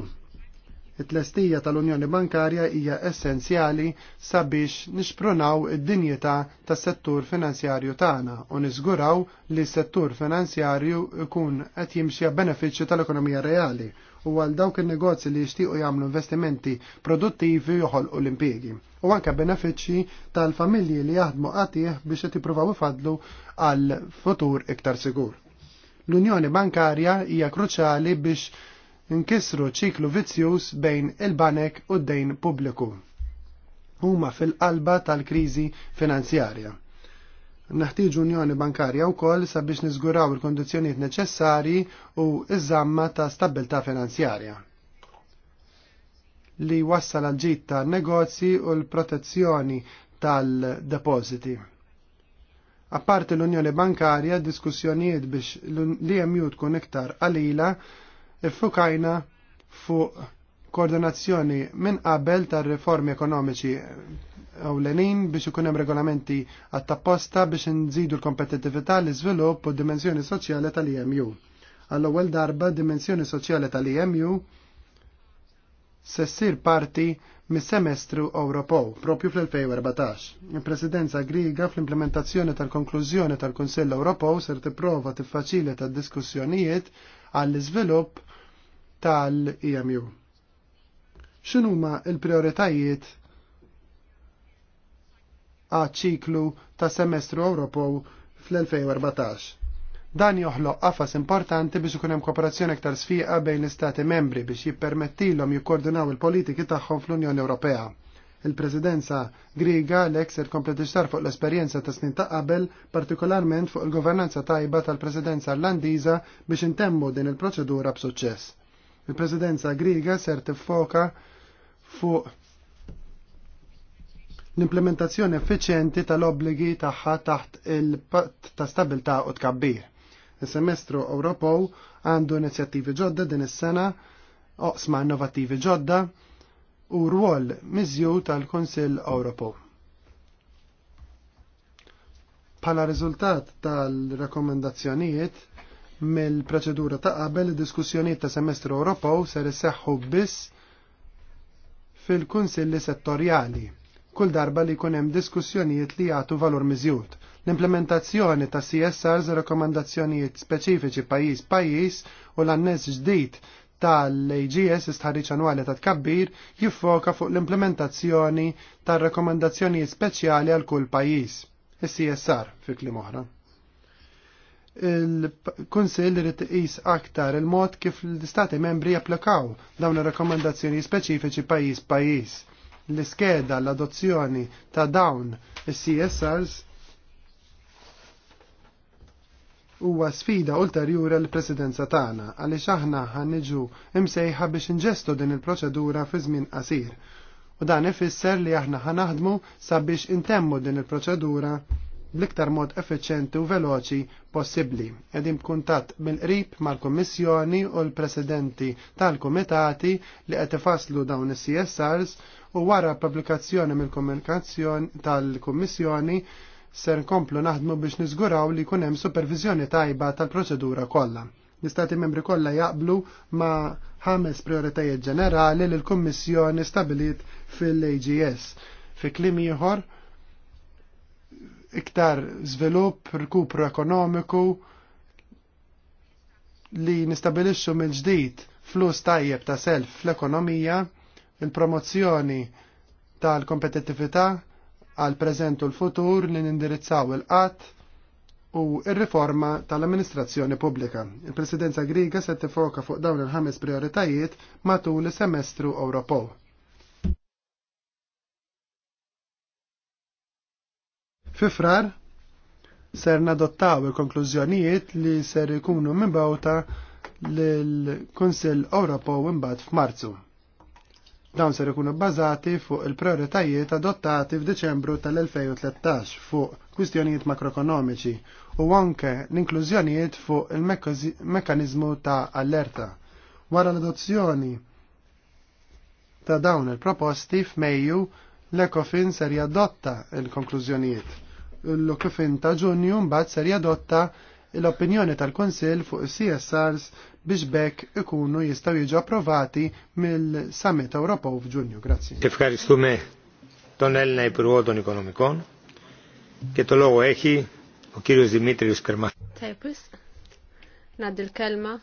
It-lestija tal-Unjoni Bankarja hija essenzjali sabiex nixpronaw id-dinjità tas-settur finanzjarju tagħna u niżguraw li s-settur finanzjarju ikun qed jimxi benefiċċju tal-ekonomija reali u għal dawk il-negozji li jixtiequ jagħmlu investimenti produttivi joħolqu l-impjegi u anke benefiċċji tal-familji li jaħdmu qatih biex qed jippruvaw ifadlu għal futur iktar sigur. L-Unjoni Bankarja hija kruċjali biex nkissru ċiklu vizzjuż bejn il-banek u d-dejn pubbliku. Huma fil-qalba tal-kriżi finanzjarja Naħtiġ unjoni bankarja wkoll sabiex niżguraw il kondizjoniet neċessarji u iż-żamma ta' stabilta' finanzjarja li wassal għal ġid ta' negozji u l-protezzjoni tal-depositi. Apparti l-Unjoni Bankarja, diskussjonijiet biex l-EMU tkun iktar għalila, iffukajna fuq koordinazzjoni minn qabel tar riformi ekonomiċi ewlenin biex ikun hemm regolamenti għat-tapposta biex nżidu l-kompetittività, l-iżvilupp u d-dimensjoni soċjali tal-EMU. Għall-ewwel darba dimensjoni soċjali tal-EMU se ssir parti mis-semestru Ewropew propju fl-2014. Il-Presidenza Griga fl-implementazzjoni tal-konklużjoni tal-Kunsill Ewropew ser tipprova tiffaċilita d-diskussjonijiet għall-iżvilupp tal-EMU. X'inhuma l-prioritajiet għad ċiklu ta' semestru Ewropew fl-2014. Dan joħloq qafas importanti biex ikun hemm kooperazzjoni aktar sfiqa bejn l-Istati membri biex jippermettilhom jikkoordinaw il-politiki tagħhom fl-Unjoni Ewropea. Il-Presidenza Griga lek se tkompli tixtar fuq l-esperjenza ta' snin ta' qabel, partikolarment fuq il-governanza tajba tal-Presidenza Irlandiża biex intemmu din il-proċedura b'suċċess. Il-Presidenza Griga ser tiffoka fuq l-implementazzjoni effiċjenti tal-obbligi tagħha taħt il-patt ta' stabilità u tkabbir. Is-semestru Ewropew għandu inizjattivi ġodda din is-sena, oqsma innovattivi ġodda u rwol miżju tal-Kunsill Ewropew. Pala riżultat tal-rakomendazzjonijiet mill-proċedura ta' qabel id-diskussjonijiet ta' semestru Ewropew ser isseħħu biss fil-kunsilli settorjali kull darba li jkun hemm diskussjonijiet li jagħtu valur miżjud. L-implementazzjoni ta' CSRs rekomandazzjonijiet speċifiċi pajjiż pajjiż u l-annes ġdid tal-AGS istħarriċ annwali ta' tkabbir jiffoka fuq l-implementazzjoni tar rekomandazzjonijiet speċjali għal kull pajjiż, is-CSR fi kliem oħra. Il-Kunsill irid iqis aktar il-mod kif l-istati membri japplikaw dawn ir-rekomandazzjoni speċifiċi pajjiż pajjiż l-iskeda l-adozzjoni ta' dawn is-CSRs huwa sfida ulterjura l-presidenza tagħna għaliex aħna ħanniġu imsejħa biex inġestu din il-proċedura fi żmien qasir. U dan ifisser li aħna ħanaħdmu sabiex intemmu din il-proċedura l iktar mod effiċenti u veloċi possibbli. Edim kuntat mill-qrib mal-Kommissjoni u l-Presidenti tal-Komitati li qed ifaslu dawn is-CSRs u wara pubblikazzjoni mill-komunikazzjoni tal-Kommissjoni ser nkomplu naħdmu biex niżguraw li jkun hemm supervizjoni tajba tal-proċedura kollha. L-Istati membri kollha jaqblu ma' ħames prioritajiet ġenerali li l-Kummissjoni stabilit fil-AGS. Fi klim ieħor, iktar żvilupp, rkupru ekonomiku li nistabilixxu mill-ġdid flus tajjeb ta' self fl-ekonomija, il-promozzjoni tal-kompetittività għal preżent u l-futur li nindirizzaw il-qatt u ir-riforma tal-amministrazzjoni pubblika. Il-Presidenza Griga se tifoka fuq dawn il-ħames prioritajiet matul is-semestru Ewropew. Fi frar ser nadottaw il-konklużjonijiet li ser ikunu minbawta l-Kunsill Ewropew imbagħad f'Marzu. Dawn ser ikunu bbażati fuq il-prioritajiet adottati f'Diċembru tal-2013 fuq kwistjonijiet makroekonomiċi u anke l-inklużjonijiet fuq il-mekkaniżmu ta' allerta. Wara l-adozzjoni ta' dawn il-proposti f'Mejju l-Ekofin ser jadotta il-konklużjonijiet l-Ekofin ta' Ġunju mbagħad ser jadotta l-opinjoni tal-Konsil fuq CSRs biex bekk ikunu jistgħu jiġu approvati mill-Summit Ewropew f'Ġunju. Grazzi. Kif karistu me tonelna jipruodon ekonomikon, kitologu eħi u Kiru Dimitrius Kermas. Tajpus, naddi l-kelma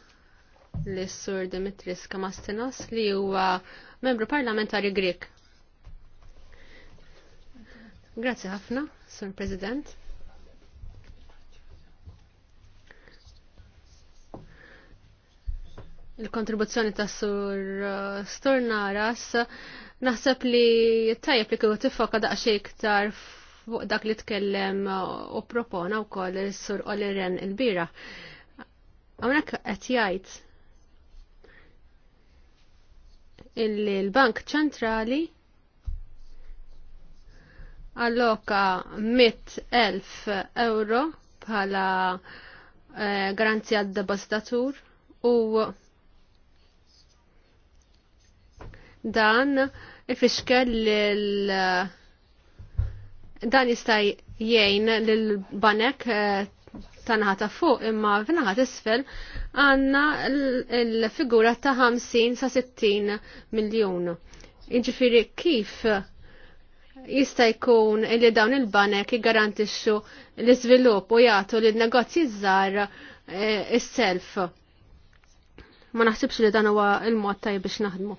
l-sur Dimitris Kamastinos li huwa membru parlamentari Grek. Grazie ħafna. Sur President. Il-kontribuzzjoni ta' Sur uh, Stornaras naħseb li tajjeb li kieku tifoka daqsxejn iktar fuq dak li tkellem u propona wkoll is-Sur Oliren il-bira. Għamnek qed jgħid illi l-Bank Ċentrali alloka 100.000 euro bħala eh, garanzja d-depostatur u dan ifixkel lil dan jista' jgħin lil banek eh, tanaħa ta' fuq imma f'naħa isfel għandna l-figura ta' 50 sa' 60 miljun. Jiġifieri kif jista' jkun li dawn il-banek jiggarantixxu l-iżvilupp u jagħtu lin negozji żgħar eh, is-self. Ma naħsibx li dan huwa l-mod tajjeb biex naħdmu.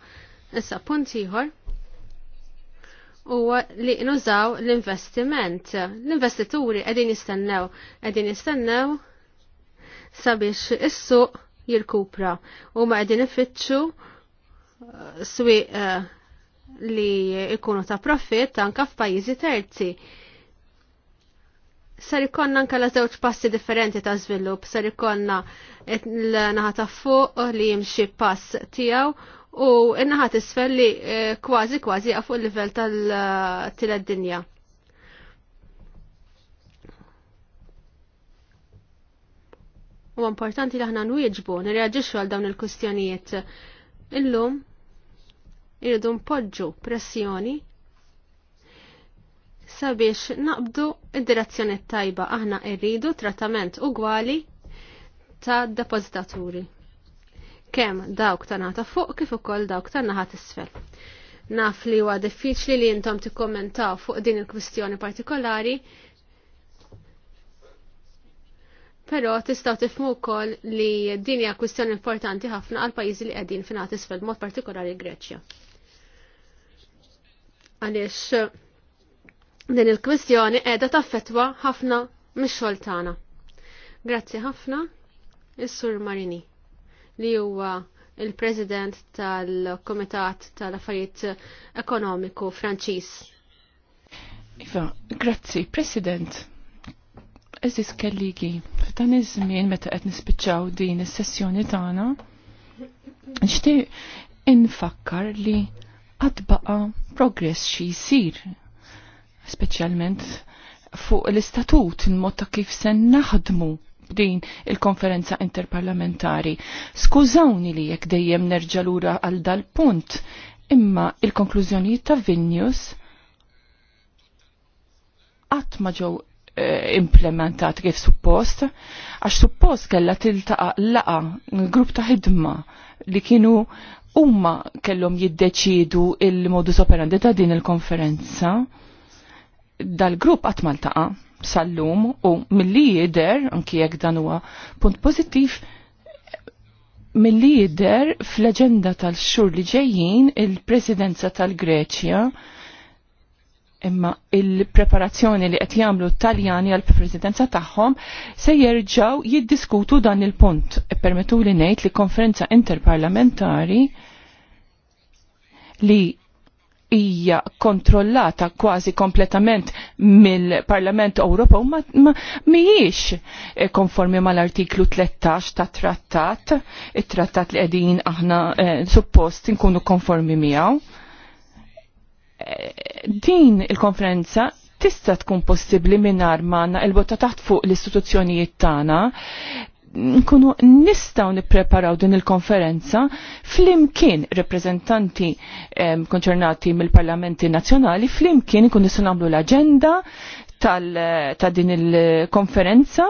Issa punt ieħor huwa li nużaw l-investiment. L-investituri qegħdin jistennew, qegħdin jistennew sabiex is-suq jirkupra u ma qegħdin ifittxu eh, swieq eh, li ikunu ta' profit anka f'pajjiżi terzi. Sar ikonna anka la żewġ passi differenti ta' żvilupp, sar ikonna l-naħa ta' fuq li jimxi pass tiegħu u n-naħa tisfel li eh, kważi kważi għafu l livell tal-tielet dinja. U importanti li aħna nwieġbu, nirreaġixxu għal dawn il-kustjonijiet. Illum, irridu npoġġu pressjoni sabiex naqbdu id-direzzjoni tajba aħna irridu trattament ugwali ta' depozitaturi. Kem dawk ta' nata fuq kif ukoll dawk ta' naħat isfel. Naf li huwa diffiċli li intom tikkommentaw fuq din il-kwistjoni partikolari, Pero tistaw tifmu wkoll li din hija kwistjoni importanti ħafna għal pajjiżi li qegħdin fingħat isfel mod partikolari Greċja għalix eh, din il-kwistjoni qiegħda fetwa ħafna mix-xogħol tagħna. Grazzi ħafna is-Sur Marini li huwa il-President tal-Komitat tal-Affarijiet Ekonomiku Franċiż. Iva, grazzi, President. Eżis kelligi, f'dan iż-żmien meta qed nispiċċaw din is-sessjoni tagħna, nixtieq infakkar li baqa' progress xi jisir, speċjalment fuq l-istatut il-mod ta' kif se naħdmu b'din il-konferenza interparlamentari. Skużawni li jekk dejjem nerġa' lura għal dal-punt, imma il-konklużjonijiet ta' Vilnius qatt ma ġew eh, implementat kif suppost, għax suppost kella tiltaqa laqa grupp ta' ħidma li kienu umma kellhom jiddeċidu il-modus operandi ta' din il-konferenza dal-grupp qatt maltaqa sal-lum u milli jidher anki jekk dan huwa punt pożittiv milli jidher fl agenda tal-xhur li ġejjin il-Presidenza tal-Greċja imma il-preparazzjoni li qed jagħmlu Taljani għal presidenza tagħhom se jerġgħu jiddiskutu dan il-punt. Permetu li ngħid li konferenza interparlamentari li hija kontrollata kważi kompletament mill-Parlament Ewropew ma, ma mhijiex konformi mal-artiklu 13 ta' trattat, it-trattat li qegħdin aħna eh, suppost inkunu konformi miegħu din il-konferenza tista tkun possibbli mingħajr manna il-botta taħt fuq l-istituzzjonijiet tagħna nkunu nistaw nippreparaw din il-konferenza flimkien reprezentanti konċernati mill-parlamenti nazzjonali flimkien nkun nistgħu nagħmlu l-aġenda ta' din il-konferenza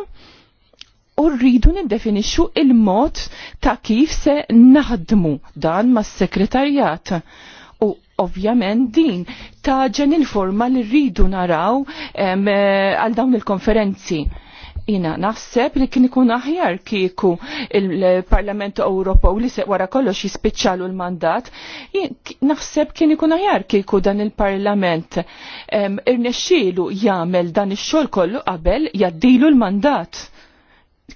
u rridu niddefinixxu il-mod ta' kif se naħdmu dan mas-sekretarjat u ovvjament din ġen il-forma li rridu naraw eh, għal dawn il-konferenzi jina naħseb li kien ikun aħjar kieku il-Parlament Ewropew li wara kollox jispiċċalu l-mandat, naħseb kien ikun aħjar kieku dan il-Parlament irnexxielu jagħmel dan ix-xogħol kollu qabel jaddilu l-mandat.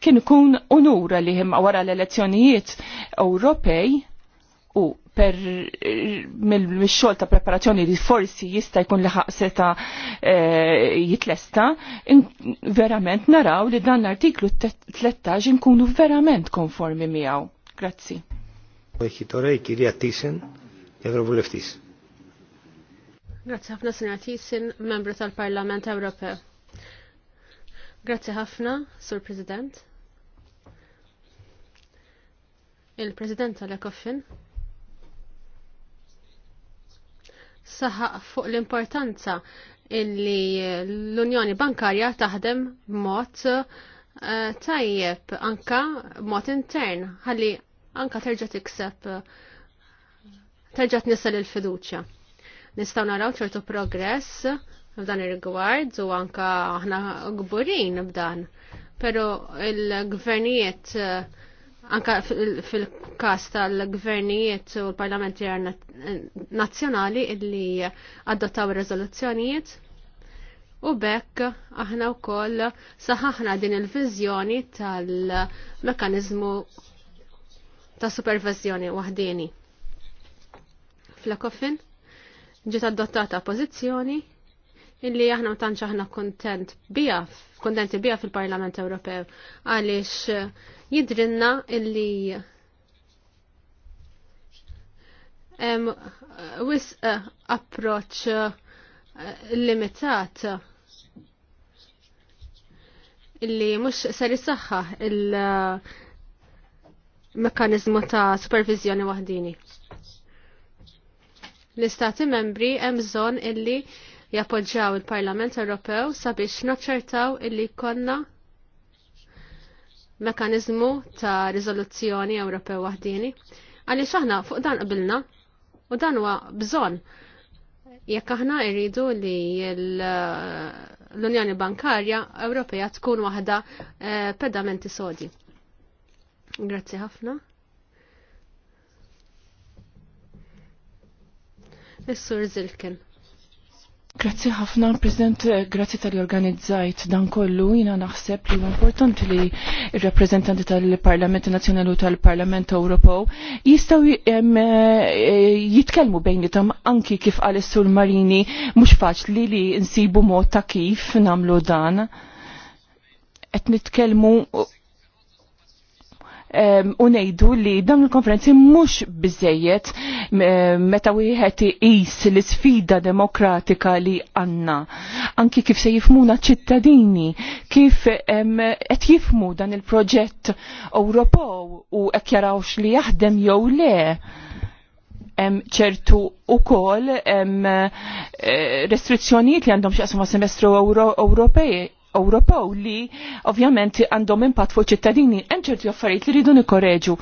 Kien ikun unura li him wara l-elezzjonijiet Ewropej u per mill-xogħol ta' preparazzjoni li forsi jista' jkun li seta eh, jitlesta, verament naraw li dan l-artiklu 13 nkunu verament konformi miegħu. Grazzi. Tora jkirja Tisen, Eurovuleftis. Grazzi ħafna Sinja Tisen, membru tal-Parlament Ewropew. Grazzi ħafna, Sur President. Il-President tal-Ekofin. saħaq fuq l-importanza illi l-Unjoni Bankarja taħdem mod eh, tajjeb anka mod intern ħalli anka terġa' tikseb terġa' tnissel il-fiduċja. Nistgħu naraw ċertu progress f'dan ir-rigward u anka aħna gburin b'dan. Pero il-gvernijiet eh, anka fil-kas tal-gvernijiet u l-parlamenti nazzjonali illi adottaw rezoluzzjonijiet u bekk aħna wkoll saħaħna din il vizjoni tal-mekanizmu ta' supervizjoni waħdini. kofin, ġiet adottata pozizjoni illi aħna mtanċ aħna kontent bija, kontenti bija fil-Parlament Ewropew, għalix eh, jidrinna illi em, wis uh, approċ uh, limitat illi mux ser saħħa il-mekanizmu ta' supervizjoni wahdini. L-istati membri hemm bżonn illi jappoġġjaw il-Parlament Ewropew sabiex naċċertaw illi konna mekanizmu ta' riżoluzzjoni Ewropew waħdini. Għaliex aħna fuq dan qabilna u dan huwa bżonn jekk aħna rridu li l-Unjoni Bankarja Ewropea tkun waħda eh, pedamenti sodi. Grazzi ħafna. Is-Sur Zilkin. Grazzi ħafna, President, eh, grazzi tal-organizzajt dan kollu. Jina naħseb li importanti li il reprezentanti tal-Parlament Nazjonali u tal-Parlament Ewropew jistaw eh, jitkelmu bejnietom anki kif għal sul marini mux faċli li nsibu mod ta' kif namlu dan. Et nitkelmu unajdu li dawn il-konferenzi mhux biżejjed meta wieħed iqis l-isfida demokratika li għandna. Anki kif se jifmuna ċittadini, kif qed jifmu dan il-proġett Ewropew u qed jarawx li jaħdem jew le ċertu u kol eh, restrizzjonijiet li għandhom xaqsuma semestru Ewropej Ewropew li ovvjament għandhom impatt fuq ċittadini hemm ċerti affarijiet li rridu nikkoreġu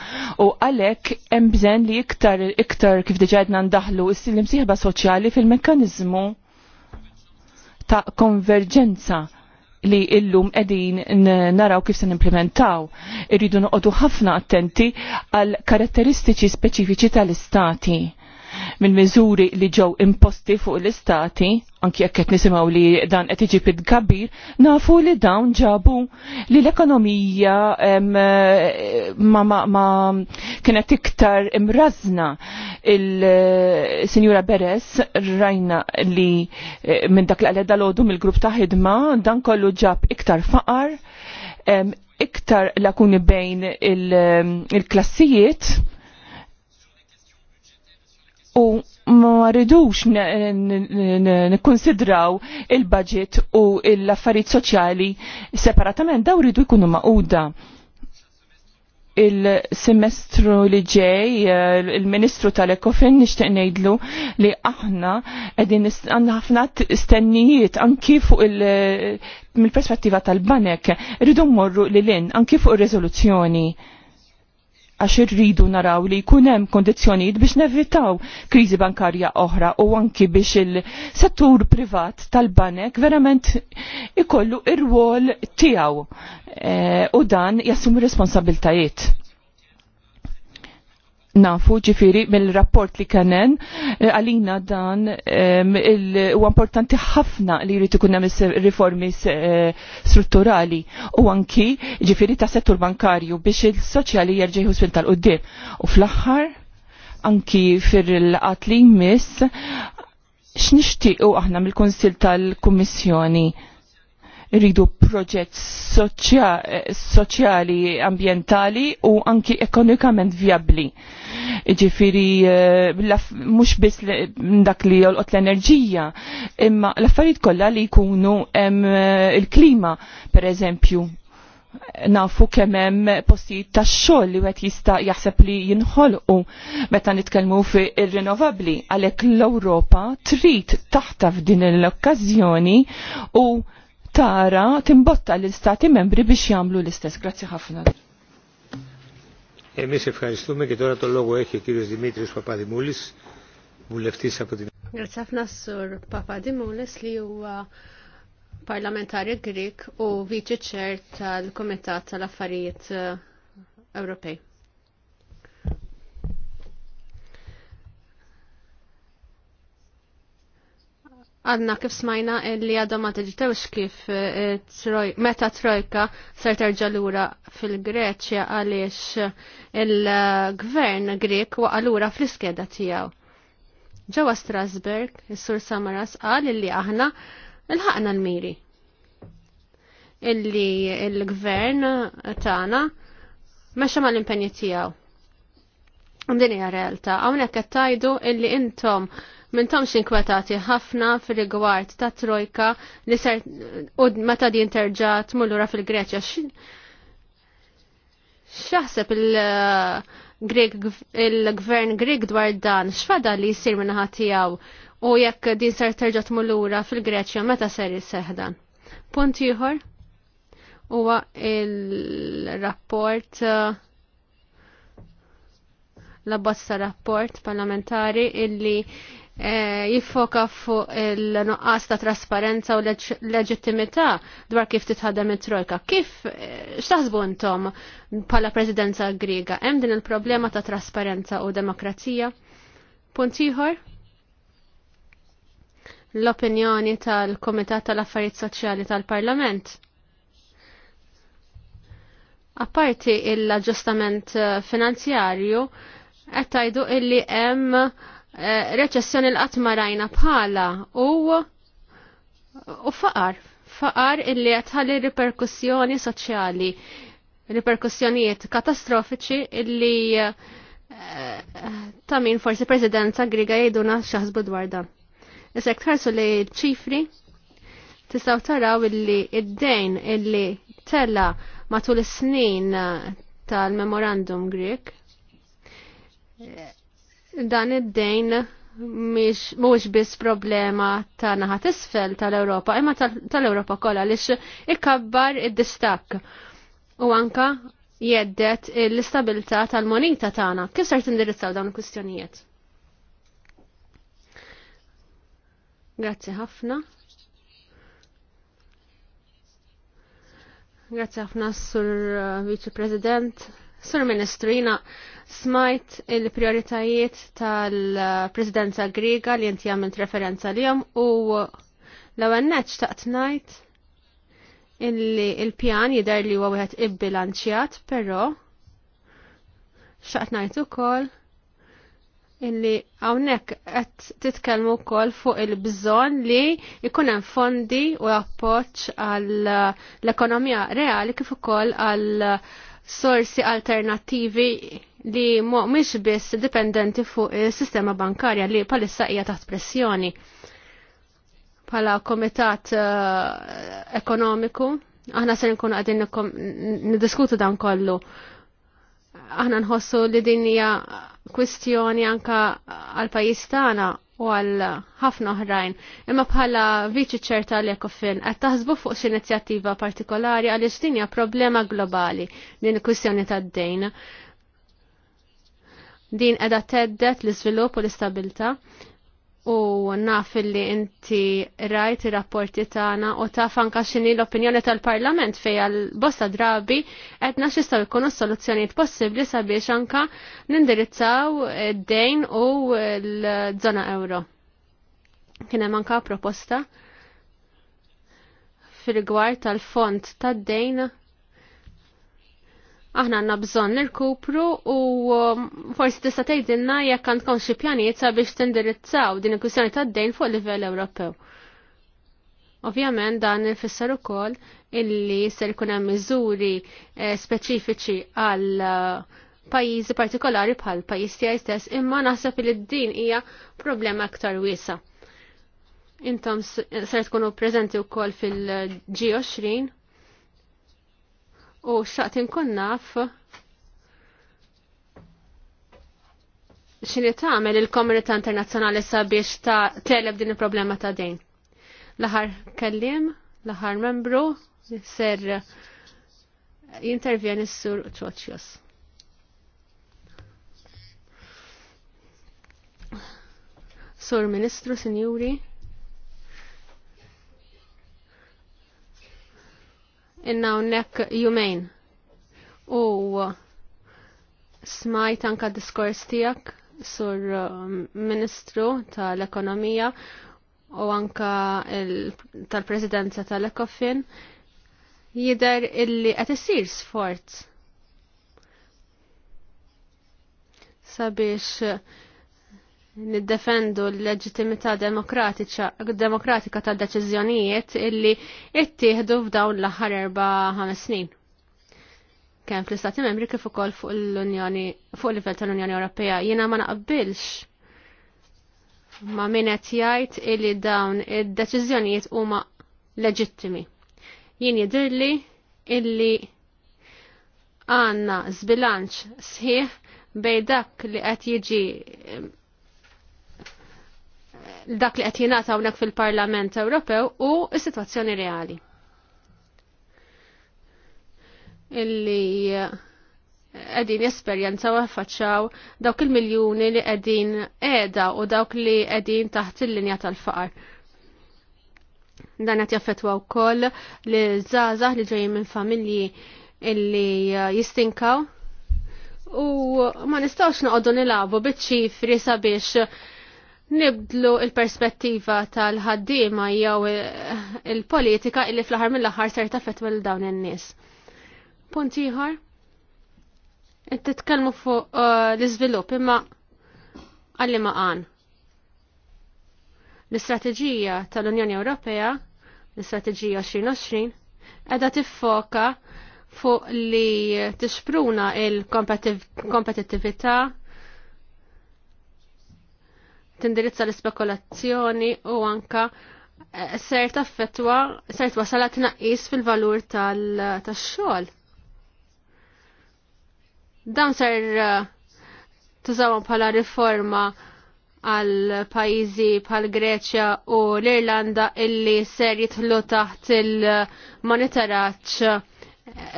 u għalhekk hemm bżonn li iktar iktar kif diġà qedna ndaħlu s-sillimsieħba soċjali fil-mekkaniżmu ta' konverġenza li illum qegħdin naraw kif se nimplementaw irridu noqogħdu ħafna attenti għal karatteristiċi speċifiċi tal-istati minn miżuri li ġew imposti fuq l-istati, anki jekk qed nisimgħu li dan qed iġib id nafu li dawn ġabu li l-ekonomija ma, ma, ma kienet iktar imrażna il-Sinjura Beres rajna li eh, minn dak l dal-għodu mill-grupp ta' ħidma dan kollu ġab iktar faqar, iktar lakuni bejn il-klassijiet, il klassijiet u ma ridux nikkonsidraw il-budget u l-affarijiet soċjali separatament daw ridu jkunu maquda il-semestru li ġej, eh, il-ministru tal-Ekofin nishtiq ngħidlu li aħna qegħdin għandna ħafna stennijiet anki fuq il-perspettiva tal-banek, rridu mmorru lil anki fuq ir-riżoluzzjoni għax irridu naraw li jkun hemm kondizzjonijiet biex nevitaw kriżi bankarja oħra u anki biex il-settur privat tal-banek verament ikollu ir wol tiegħu eh, u dan jassum responsabiltajiet nafu ġifiri mill-rapport li kanen eh, għalina dan u importanti ħafna li jrid ikun hemm riformi eh, strutturali u anki ġifiri ta' settur bankarju biex il-soċjali jerġejħu spin tal-qudiem. U fl-aħħar anki fir-laqat li jmiss x'nixtiequ aħna mill-Kunsill tal-Kummissjoni rridu proġett soċjali, ambientali u anki ekonomikament viabli. Ġifiri, eh, mux biss dak li jolqot l-enerġija, imma l-affarijiet kollha li jkunu eh, il-klima, per eżempju, nafu kemem postijiet ta' xogħol li għet jista' jaħseb li jinħolqu meta nitkellmu fi ir-rinnovabbli għalhekk l-Ewropa trid taħtaf din l-okkażjoni u tara timbotta l-istati membri biex jagħmlu l-istess. Grazzi ħafna. Εμείς ευχαριστούμε και τώρα το λόγο έχει ο κύριος Δημήτρης Παπαδημούλης, βουλευτής από την... Γρατσάφνα Σουρ Παπαδημούλης, λίγο parlamentari Grek u viċi ċer tal-Komitat tal-Affarijiet Ewropej. għadna kif smajna li għadha ma tiġtewx kif eh, meta trojka ser terġa' lura fil-Greċja għaliex il-gvern Grek waqa' lura fl-iskeda tiegħu. Ġewwa Strasberg, is-Sur Samaras qal li aħna ħaqna l-miri. Illi il-gvern tagħna mexa mal-impenji tiegħu. Din hija realtà, hawnhekk qed tgħidu illi intom mintomx inkwetati ħafna fil-rigward ta' trojka li ser u meta din terġa' mullura fil-Greċja. X'aħseb il-gvern uh, Grek dwar dan x'fada li jsir minn tiegħu u jekk din ser terġat mullura fil-Greċja meta ser jisseħdan. Punt ieħor huwa il-rapport uh, la abbozz ta' rapport parlamentari illi Eh, jiffoka fuq il-nuqqas ta' trasparenza u leġittimità dwar kif titħadem it-trojka. Kif eh, x'taħsbu intom bħala Presidenza Griega? Hemm din il-problema ta' trasparenza u demokrazija? Punt ieħor? L-opinjoni tal-Komitat tal-Affarijiet Soċjali tal-Parlament. Apparti l-aġġustament eh, finanzjarju, qed tgħidu illi hemm Eh, reċessjoni l-qatt ma rajna bħala u u faqar, faqar illi għatħalli riperkussjoni soċjali, riperkussjonijiet katastrofiċi illi eh, ta' min forsi prezidenza griga jgħiduna xaħsbu dwar dan. Issa tħarsu li ċifri tistaw taraw illi id-dejn illi tella matul is-snin eh, tal-memorandum Greek dan id-dejn mhux biss problema ta' naħat isfel tal-Ewropa, imma tal-Ewropa kollha lix ikkabbar id-distakk u anka jeddet l-istabilità tal-monita tagħna. Kif ser tindirizzaw dawn il-kwistjonijiet? Grazzi ħafna. Grazzi ħafna sur uh, Viċi President. Sur Ministru, jina smajt il-prioritajiet tal-Presidenza Griega li inti għamilt referenza li jom u l-għanneċ taqt najt illi il-pjan jider li huwa wieħed ibbilanċjat, però xaqt najt ukoll illi għawnek qed titkellmu kol fuq il-bżon li hemm fondi u appoġġ għall l-ekonomija reali kif ukoll għall sorsi alternativi li mhumiex biss dipendenti fuq is-sistema bankarja li palissa hija taħt pressjoni. Pala komitat uh, ekonomiku, aħna se nkunu qegħdin niddiskutu dan kollu. Aħna nħossu li din hija kwistjoni anka għal pajjiż tagħna u għal ħafna oħrajn. Imma bħala viċi ċerta l ekofin qed taħsbu fuq x'inizjattiva partikolari għaliex din hija problema globali din il-kwistjoni tad-dejn. Din qiegħda teddet l-iżvilupp u l istabilta u naf li inti rajt il-rapporti tagħna u taf anka x'inhi l-opinjoni tal-Parlament fej għal-bosta drabi qed nax ikonu jkunu soluzzjonijiet possibbli sabiex anka nindirizzaw id-dejn u l-żona euro. Kien hemm anka proposta fil-gwar tal-fond tad-dejn aħna għanna bżon nirkupru u um, forsi tista' tgħidilna jekk għandkom xi pjanijiet sabiex tindirizzaw din il-kwistjoni tad-dejn fuq livell Ewropew. Ovvjament dan ifisser ukoll illi se jkun hemm miżuri eh, speċifiċi għal eh, pajjiżi partikolari bħal pajjiż tiegħi stess, imma naħseb li din hija problema aktar wiesa. Intom ser tkunu preżenti wkoll fil-G20 u xaqt inkun naf xini tagħmel il-komunità internazzjonali sabiex ta' teleb din il-problema ta' dejn. L-aħħar kellim, l-aħħar membru ser jintervjeni s-sur Troċjos. Sur Ministru, Sinjuri, inna unnek jumejn u smajt anka diskors tijak sur um, ministru tal-ekonomija u anka tal-presidenza tal-ekofin jider illi qed isir sforz sabiex niddefendu l-leġitimità demokratika tal deċiżjonijiet illi ittieħdu f'dawn l-aħħar erba' ħames snin. Kemm fl-Istati Membri kif ukoll fuq l-Unjoni fuq livell tal-Unjoni Ewropea jiena ma naqbilx ma' min qed jgħid illi dawn id-deċiżjonijiet huma leġittimi. Jien jidhirli illi għandna zbilanċ sħiħ bej dak li qed jiġi dak li qed jingħata hawnhekk fil-Parlament Ewropew u s-sitwazzjoni reali. Illi eh, qegħdin esperienza affaċċaw dawk il-miljuni li qegħdin qiegħda u dawk li qegħdin taħt il-linja tal-faqar. Dan qed jaffettwa wkoll li zazah li ġejjin minn familji illi eh, jistinkaw u ma nistawx naqoddu nilabu biċ-ċifri sabiex nibdlu il-perspettiva tal-ħaddiema jew il-politika illi fl-aħħar mill-aħħar ser tafet mill dawn in-nies. Punt ieħor, titkellmu fuq uh, l-iżvilupp imma għalli ma qan. L-istrateġija tal-Unjoni Ewropea, l-istrateġija 2020, edha tiffoka fuq li tixpruna il-kompetittività, tindirizza l-spekulazzjoni u anka eh, ser taffetwa, ser twasala naqis fil-valur tal-xogħol. Dan ser eh, tużawhom bħala riforma għal pajizi pal Greċja u l-Irlanda illi ser jitħlu taħt il-monitoraċ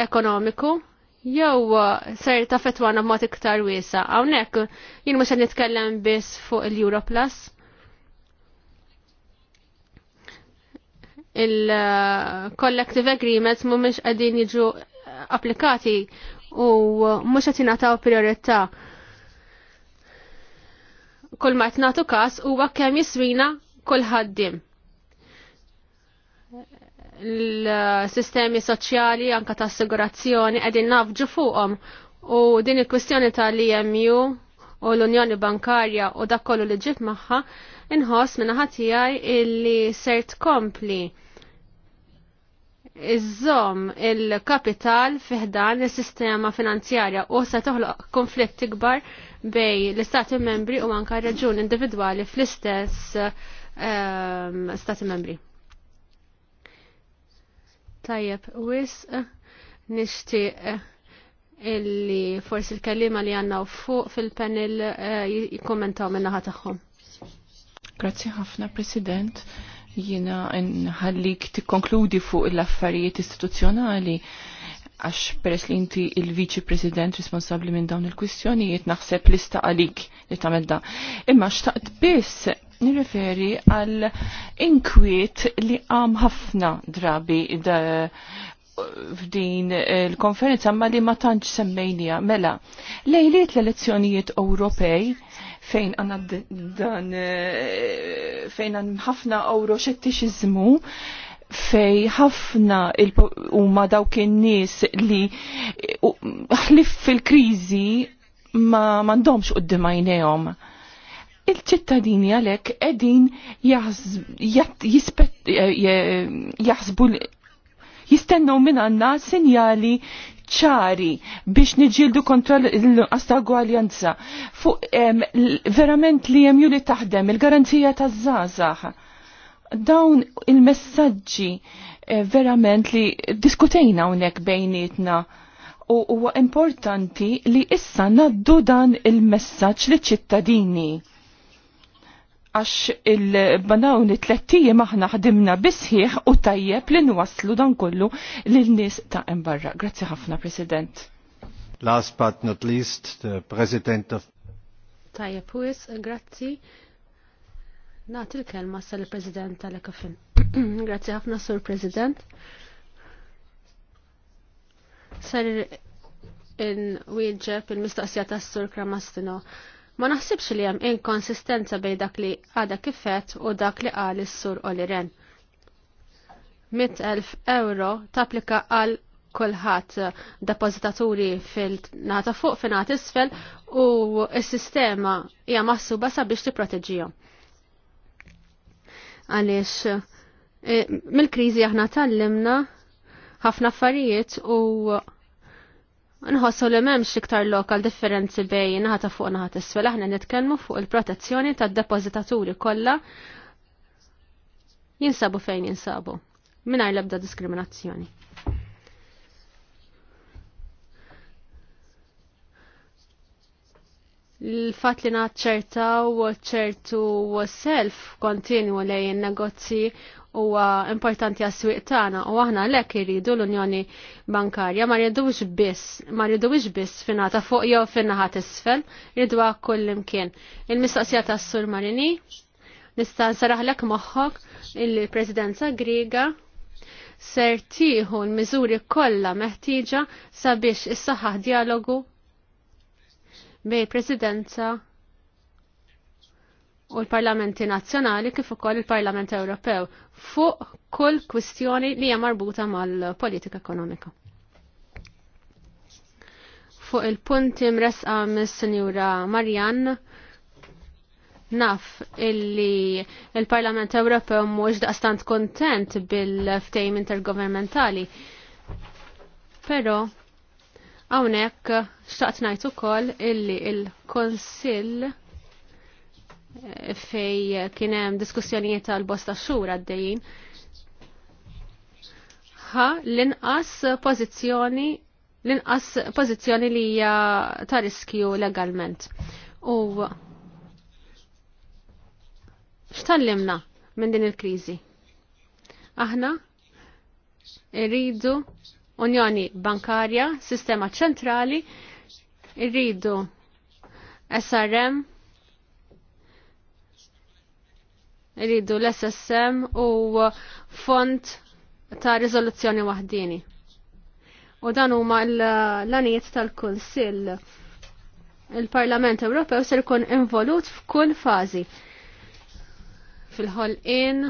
ekonomiku jew uh, ser ta' fetwana mod iktar wiesa. Hawnhekk jien mhux qed nitkellem biss fuq il-Europlus. Il-collective agreements mhumiex qegħdin jiġu applikati u mhux qed għataw priorita. Kull ma qed nagħtu każ huwa kemm jiswina kull ħaddim l-sistemi soċjali anka ta' assigurazzjoni qegħdin nafġu fuqhom u din il-kwistjoni tal imu u l-Unjoni Bankarja u dak kollu li ġib magħha inħoss minn ħatijaj illi ser tkompli iżżomm il-kapital fiħdan il-sistema finanzjarja u se toħloq konflitt ikbar bej l-istati membri u anka reġun individwali fl-istess um, stati membri. Tajjeb, wis nixtieq illi forsi l-kalima li għanna fuq fil-panel eh, jikkommentaw minna tagħhom. Grazzi ħafna, President. Jina nħallik tikkonkludi fuq l-affarijiet istituzzjonali għax peress li inti il-Viċi President responsabli minn dawn il kwistjoni naħseb lista għalik li tamel da. Imma xtaqt biss nirreferi għal inkwiet li għam ħafna drabi f'din il-konferenza eh, ma li ma tantx semmejnija mela lejliet l-elezzjonijiet Ewropej fejn għanna dan eh, fejn għan ħafna euroxettiċiżmu fej ħafna huma dawk in-nies li eh, ħlif fil-kriżi ma m'għandhomx quddiem għajnejhom il-ċittadini għalek edin jaħsbu eh, eh, jistennu minn għanna sinjali ċari biex nġildu kontroll l-nuqqas ta' gwaljanza fuq verament li jemju li taħdem il-garanzija ta' zazax. Dawn il-messagġi eh, verament li diskutejna unek bejnietna u huwa importanti li issa naddu dan il-messaġġ li ċittadini għax il-banawni tlettijie maħna ħdimna bisħiħ u tajjeb li nwaslu dan kollu l-nis ta' imbarra. Grazzi ħafna, President. Last but not least, the President of... Tajjeb, Puis, grazzi. Nati l-kelma sal-President tal-Ekofin. (clears throat) grazzi ħafna, Sur President. Sar in wieġeb il-mistoqsija tas Sur Kramastino. Ma naħsibx li hemm inkonsistenza bejn dak li għada kifet u dak li qal is-sur Oliren. 100.000 euro tapplika għal kolħat depozitaturi fil-nata fuq fil-nata isfel u s-sistema hija maħsuba sabiex tipproteġijhom. Għaliex eh, mill-kriżi aħna tallimna ħafna affarijiet u Nħossu li memx iktar lokal differenzi bej naħata fuq naħat isfel, aħna nitkellmu fuq il-protezzjoni tad depozitaturi kollha jinsabu fejn jinsabu, mingħajr l-ebda diskriminazzjoni. l-fat li naċċertaw ċertu self kontinu lejn negozji huwa importanti għas-swieq tagħna u aħna lek irridu l-Unjoni Bankarja ma rridux biss ma rridux biss ta' fuq jew fin-naħa tisfel, rridu kull imkien. Il-mistoqsija tas-Sur Marini nista' nsaraħlek moħħok il-Presidenza Griega ser tieħu l-miżuri kollha meħtieġa sabiex is-saħħa dialogu bej Presidenza u l-Parlamenti Nazzjonali kif ukoll il-Parlament Ewropew fuq kull kwistjoni li hija marbuta mal-politika ekonomika. Fuq il-punti mresqa mis-Sinjura Marjan naf illi il-Parlament Ewropew mhux daqstant kontent bil-ftejm intergovernmentali. Però hawnhekk xtaqt ngħid ukoll illi il-Konsill fej kienem diskussjonijiet tal-bosta xura għaddejjin ħa l-inqas pozizjoni l-inqas pozizjoni li hija ta' riskju legalment. U x'tallimna minn din il-kriżi? Aħna irridu Unjoni Bankarja, Sistema Ċentrali, irridu SRM, rridu l-SSM u font ta' rizoluzzjoni wahdini. U dan huma l-anijiet tal-Kunsill. Il-Parlament Ewropew ser ikun involut f'kull fażi fil-ħolqien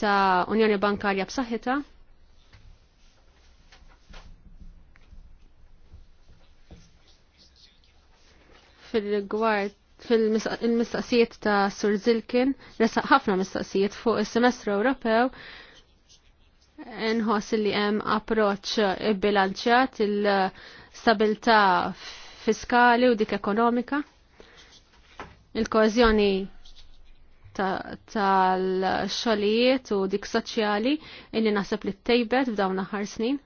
ta' Unjoni Bankarja b'saħħitha. fil-rigward fil-mistaqsijiet ta' Sur Zilkin, resaq ħafna mistaqsijiet fuq is-semestru Ewropew, nħoss li hemm approċċ bilanċjat il-stabilità fiskali u dik ekonomika. Il-koeżjoni tal-xogħlijiet u dik soċjali illi naħseb li ttejbet f'dawn aħħar snin.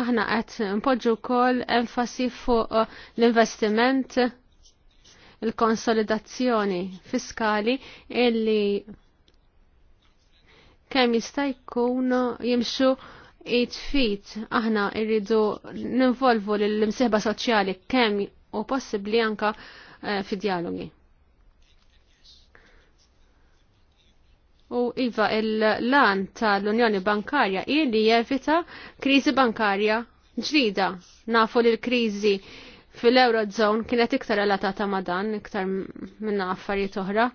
Aħna qed npoġġu wkoll enfasi fuq uh, l-investiment il-konsolidazzjoni fiskali illi kemm jista' jkun jimxu it fit aħna irridu ninvolvu l-imsieħba soċjali kemm u possibbli anka uh, fi dialogi. U iva il-lan tal-Unjoni Bankarja ili jevita kriżi bankarja ġdida. Nafu li l-kriżi fil-Eurozone kienet iktar relatata ma' dan, iktar minna affarijiet oħra.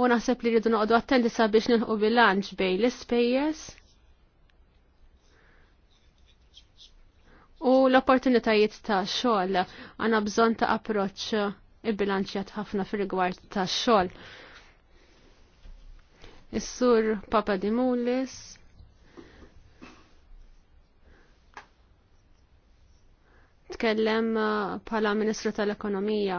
U naħseb li rridu noqdu attenti sabiex nilħu bilanċ bejn l-ispejjeż u l-opportunitajiet ta' xogħol għandna bżonn ta' approċċ Il-bilanċjat ħafna fil-rigward tax-xogħol. Is-sur Papa Dimulis tkellem uh, bħala Ministru tal-Ekonomija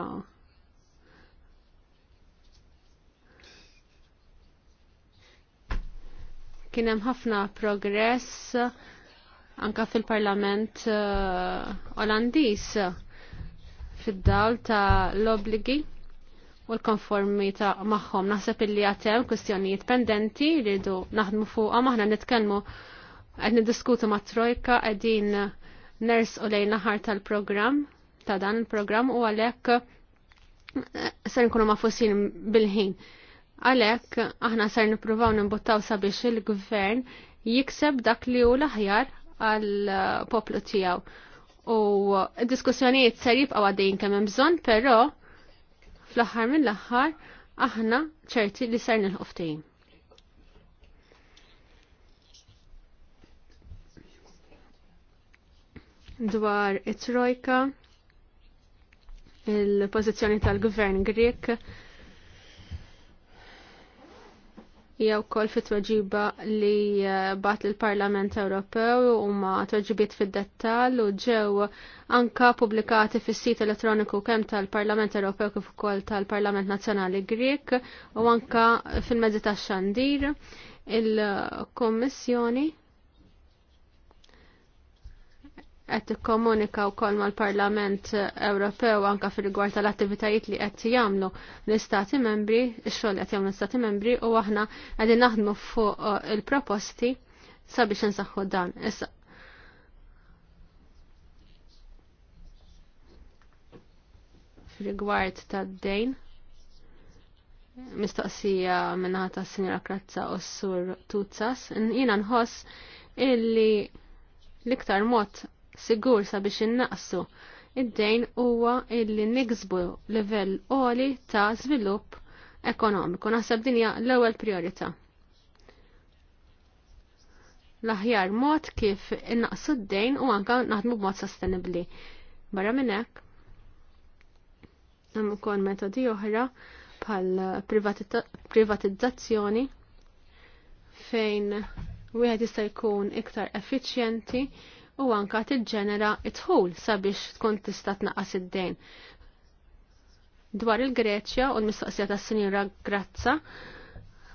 kien hemm ħafna progress uh, anka fil-Parlament uh, Olandiż fid-dawl ta' l-obligi u l-konformita maħħom. Naħseb illi għatem kustjonijiet pendenti li du naħdmu fuqa maħna nitkelmu għed nidiskutu ma' trojka għedin ners u lejna naħar tal-program ta' dan il-program u għalek eh, ser nkunu ma' mafusin bil-ħin. Għalek aħna ser nipruvaw nimbuttaw sabiex il-gvern jikseb dak li u l-aħjar għal poplu tijaw u diskussjonijiet ser jibqa' għaddejn kemm hemm bżonn, però fl-aħħar mill-aħħar aħna ċerti li ser nilħu ftehim. Dwar it-trojka, il-pożizzjoni tal-gvern Grek, jew kol fit tweġiba li eh, bat l-Parlament Ewropew u ma tweġibiet fid dettal u ġew anka publikati fis sit elettroniku kemm tal-Parlament Ewropew kif ukoll tal-Parlament Nazzjonali Grek u anka fil-mezzi tax-xandir il-Kommissjoni qed tikkomunika wkoll mal-Parlament Ewropew anke fil-rigward tal-attivitajiet li qed jagħmlu l-Istati Membri, ix-xogħol qed jagħmlu l-Istati Membri u aħna qegħdin naħdmu fuq uh, il-proposti sabiex insaħħu dan. Issa rigward tad-dejn mistoqsija minnata s-sinjora Krazza u s-sur Tuzzas, jina nħoss illi l-iktar mod sigur sabiex innaqsu id-dejn huwa illi niksbu livell qoli ta' żvilupp ekonomiku. Naħseb dinja l-ewwel priorità. L-aħjar mod kif innaqsu d-dejn u anka naħdmu b'mod sostenibbli. Barra minn hekk hemm ukoll metodi oħra bħal privatizzazzjoni fejn wieħed jista' jkun iktar effiċjenti u anka tiġġenera tħul sabiex tkun tista' tnaqqas id-dejn. Dwar il-Greċja u l-mistoqsija tas-Sinjura Grazza,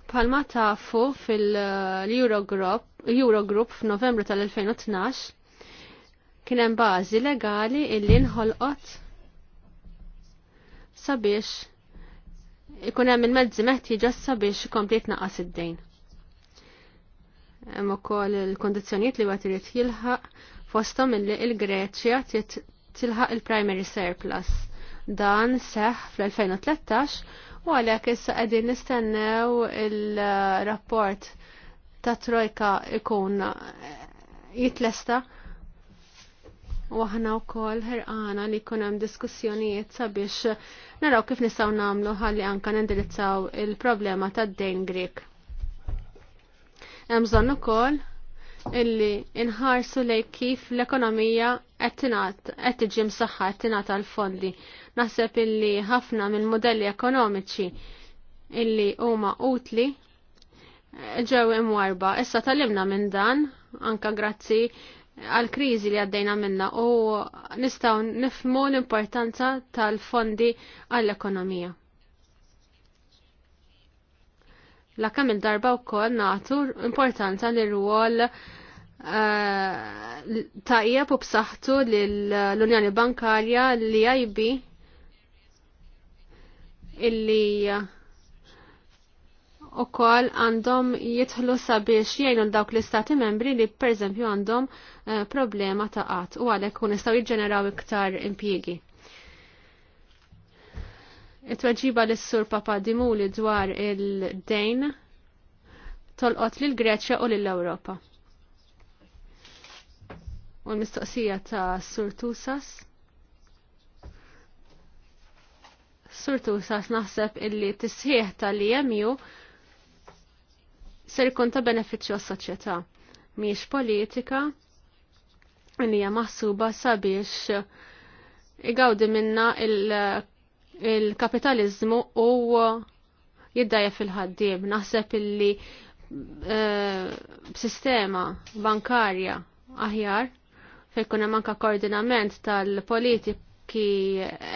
palma tafu fil-Eurogroup f'Novembru tal-2012 kien hemm bażi legali illi nħolqot sabiex ikun hemm il-mezzi meħtieġa sabiex ikompli naqqas id-dejn hemm ukoll il-kondizzjonijiet li wieħed irid jilħaq fostom illi il-Greċja tilħaq il-primary surplus. Dan seħ fl-2013 u għalhekk issa qegħdin nistennew il-rapport ta' Trojka ikun eh, jitlesta u aħna wkoll ħerqana li jkun hemm diskussjonijiet sabiex naraw kif nistgħu nagħmlu ħalli anke nindirizzaw il-problema tad-dejn Grek. Hemm bżonn ukoll illi inħarsu lej kif l-ekonomija qed tiġi msaħħa qed tingħata l-fondi. Naħseb illi ħafna mill-modelli ekonomiċi illi huma utli ġew imwarba. Issa talimna minn dan anka grazzi għal kriżi li għaddejna minna u nistgħu nifmu l-importanza tal-fondi għall-ekonomija. la kam il-darba wkoll nagħtu importanza li eh, ta' uh, u b'saħħtu l-Unjoni Bankarja li IB illi u kol għandhom jitħlu sabiex jgħinu dawk l-istati membri li per għandhom eh, problema ta' qatt u għalek kun nistaw jġeneraw iktar impjiegi it-tweġiba l-sur Papa Dimuli dwar il-dejn tolqot lil greċja u lill-Ewropa. U l-mistoqsija ta' Sur Tusas. Sur Tusas naħseb illi tisħieħ tal jemju ser ikun ta' benefiċċju għas-soċjetà. Miex politika illi hija maħsuba sabiex igawdi minna il- il-kapitalizmu u jiddaja fil ħaddim Naħseb illi b'sistema eh, bankarja aħjar fejkun hemm anke koordinament tal-politiki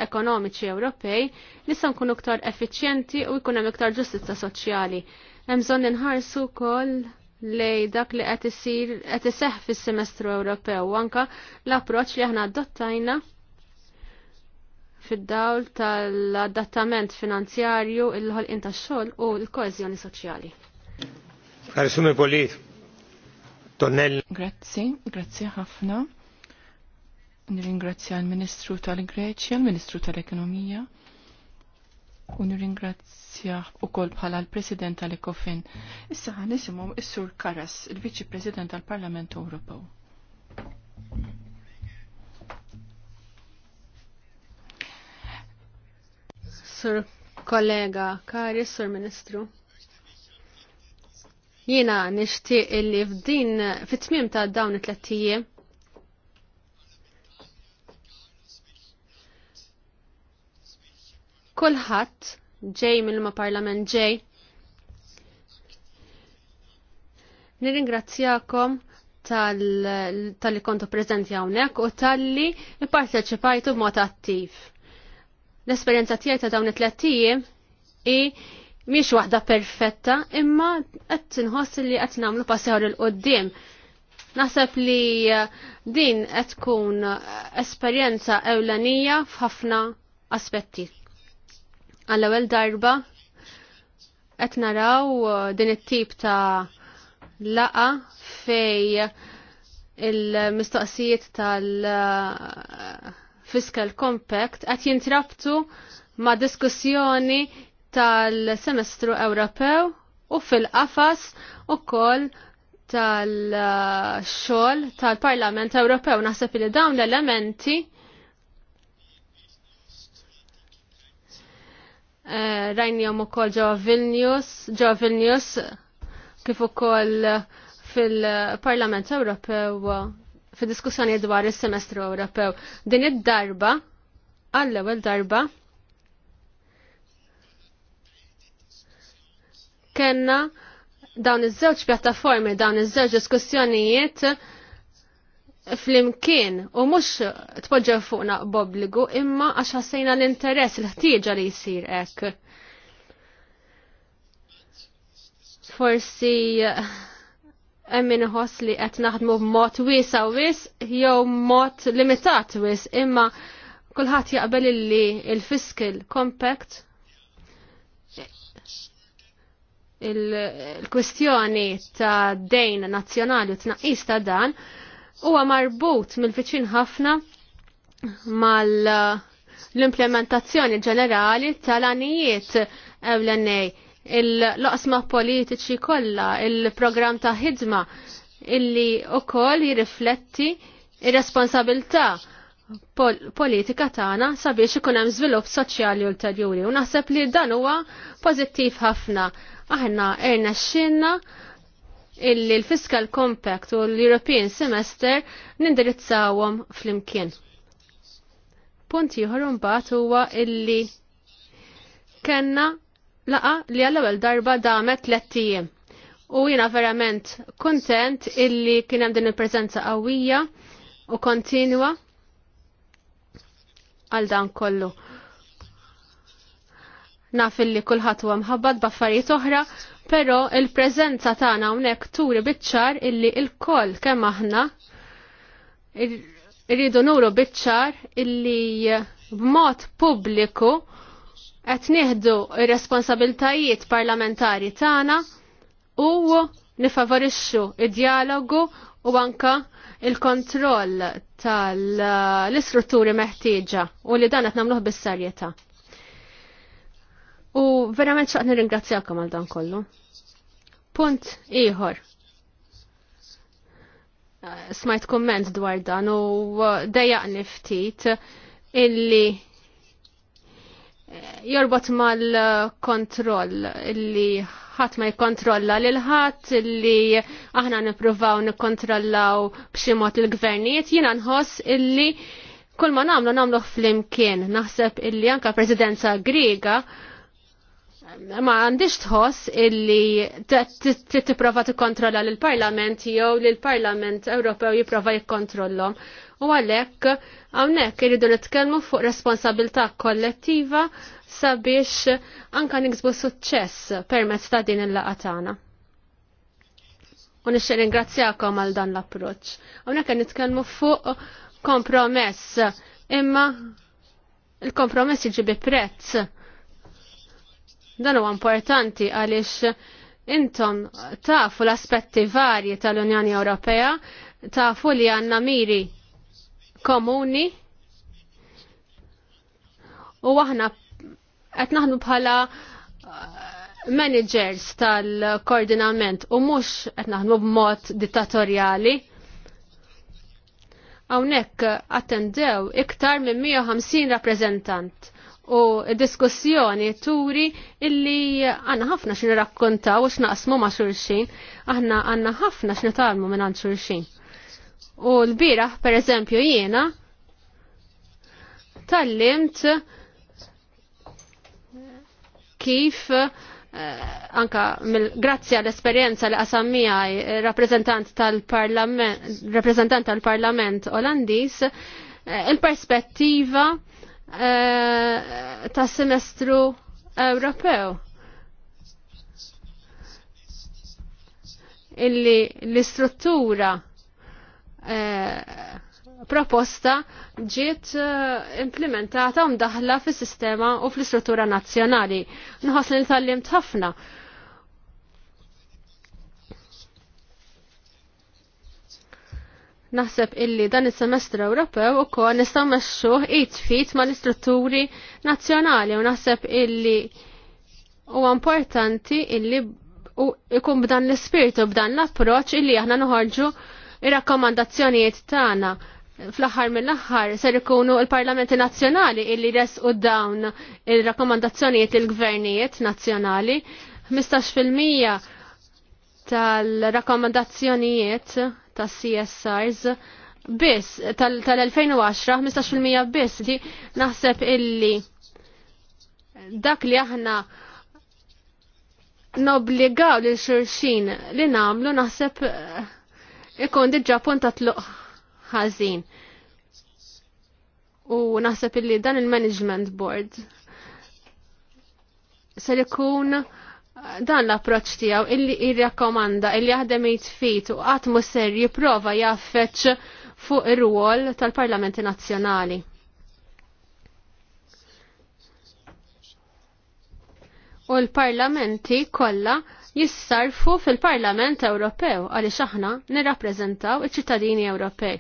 ekonomiċi Ewropej nista' nkunu iktar effiċjenti u jkun hemm iktar ġustizza soċjali. Hemm bżonn inħarsu wkoll lej dak li qed isir qed iseħħ fis-semestru Ewropew anke l-approċċ li aħna adottajna fid-dawl tal-adattament finanzjarju il ħol tax-xogħol u l koezjoni soċjali. Karisumi Polit, Tonnell. Grazzi, grazzi ħafna. Nirringrazzja l-Ministru tal-Greċja, l-Ministru tal-Ekonomija, u nirringrazzja u kol bħala l-President tal-Ekofin. Issa ħanisimum is-Sur Karas, il-Viċi President tal-Parlament Ewropew. Sur kollega, kari Sur Ministru. Jiena nixtieq illi f'din fit-tmiem ta' dawn it-tlettijiem kulħadd ġej mill-ma parlament ġej. Nirringrazzjakom tal-li kontu prezenti hawnhekk u tal-li ipparteċipajtu b'mod attiv l esperienza tiegħi ta' dawn it-tlettijiem i miex waħda perfetta, imma qed inħoss li qed nagħmlu passeħor il qoddim Naħseb li eh, din qed tkun eh, esperjenza ewlenija f'ħafna aspetti. Għall-ewwel darba qed naraw eh, din it-tip ta' laqa fej il-mistoqsijiet tal- Fiscal Compact qed jintrabtu ma' diskussjoni tal-semestru Ewropew u fil-qafas ukoll tal-xogħol tal-Parlament Ewropew naħseb li dawn l-elementi eh, rajnijom u kol Vilnius, ġo Vilnius kif u kol fil-Parlament Ewropew fi diskussjoni dwar is-semestru Ewropew. Din id-darba għall-ewwel darba kena dawn iż-żewġ pjattaformi, dawn iż-żewġ diskussjonijiet flimkien u mhux tpoġġew fuqna bobligu imma għax ħassejna l-interess l-ħtieġa li jsir hekk. Forsi min ħoss li qed naħdmu b'mod wiesa wis jew mod limitat wis imma kulħadd jaqbel li il-fiscal compact il-kwistjoni ta' dejn nazzjonali u tnaqqis ta' dan huwa marbut mill-viċin ħafna mal l-implementazzjoni ġenerali tal-anijiet ewlenej il-loqsma politiċi kollha, il-programm ta' ħidma illi wkoll jirrifletti il responsabilità pol politika tagħna sabiex ikun hemm żvilupp soċjali ulterjuri u naħseb li dan huwa pożittiv ħafna. Aħna erna xinna illi l-Fiscal Compact u l-European Semester nindirizzawhom flimkien. Punt ieħor imbagħad huwa illi kenna laqa li għall-ewwel darba damet tlettijiem. U jina verament kontent illi kien hemm din il-preżenza qawwija u kontinwa għal dan kollu. Naf illi kulħadd huwa mħabbad b'affarijiet oħra, però il-preżenza tagħna hawnhekk turi biċ-ċar illi l-koll kemm aħna irridu nuru biċ-ċar illi b'mod pubbliku qed nieħdu r-responsabiltajiet parlamentari tagħna u nifavorixxu id-dialogu u anka il-kontroll tal-istrutturi meħtieġa u li dan qed nagħmluh bis-serjetà. U verament xaqt nirringrazzjakom għal dan kollu. Punt ieħor. Smajt komment dwar dan u dejjaqni ftit illi jorbot mal-kontroll illi ħadd ma jikkontrolla lil ħadd illi aħna nippruvaw nikkontrollaw b'xi mod il-gvernijiet jiena nħoss illi kull ma nagħmlu nagħmluh flimkien naħseb illi anka Presidenza Griega ma għandix tħoss illi tipprova tikkontrolla lill-Parlament jew l parlament Ewropew jipprova jikkontrollhom u għalhekk hawnhekk irridu nitkellmu fuq responsabilità kollettiva sabiex anka niksbu suċċess permezz ta' din il-laqgħa tagħna. U nixtieq ringrazzjakom għal dan l-approċċ. Hawnhekk nitkellmu fuq kompromess imma il-kompromess jiġi bi prezz. Dan huwa importanti għaliex intom tafu l-aspetti varji tal-Unjoni Ewropea, tafu li għanna miri komuni u aħna qed naħdmu bħala eh, managers tal-koordinament u mhux qed naħdmu b'mod dittatorjali. Hawnhekk attendew iktar minn 150 rappreżentant u diskussjoni turi illi għanna ħafna xin rakkunta u x'naqsmu ma' xulxin, aħna għanna ħafna x'nitalmu minn għan xulxin. U l-biraħ, per eżempju, jiena tallimt kif eh, anka grazzi għall-esperienza li qasam miegħi eh, rappreżentant tal-Parlament tal olandis Olandiż eh, il-perspettiva ta' semestru Ewropew. Illi l-istruttura Eh, proposta ġiet eh, implementata u mdaħla fis sistema u fl-istruttura nazzjonali. Nħoss li tal tħafna. ħafna. Naħseb illi dan is-semestru Ewropew ukoll nistaw mexxuh it ma mal-istrutturi nazzjonali u naħseb illi huwa importanti illi ikun b'dan l-ispirtu b'dan l-approċċ illi aħna noħorġu ir-rakkomandazzjonijiet tagħna fl-aħħar mill-aħħar ser ikunu l-Parlamenti Nazzjonali illi u dawn ir-rakkomandazzjonijiet il-gvernijiet nazzjonali. 15% tal-rakkomandazzjonijiet tas-CSRs biss tal-2010 15% biss di naħseb illi dak li aħna nobligaw li xurxin li namlu naħseb ikun diġa punta tluq ħażin. U naħseb illi dan il-management board se ikun dan l-approċ tiegħu illi jirrakkomanda illi jaħdem jitfit u qatt mu ser jipprova jaffeċ fuq ir ruol tal-Parlamenti Nazzjonali. U l-parlamenti kollha jissarfu fil-Parlament Ewropew għaliex aħna nirrappreżentaw iċ-ċittadini Ewropej.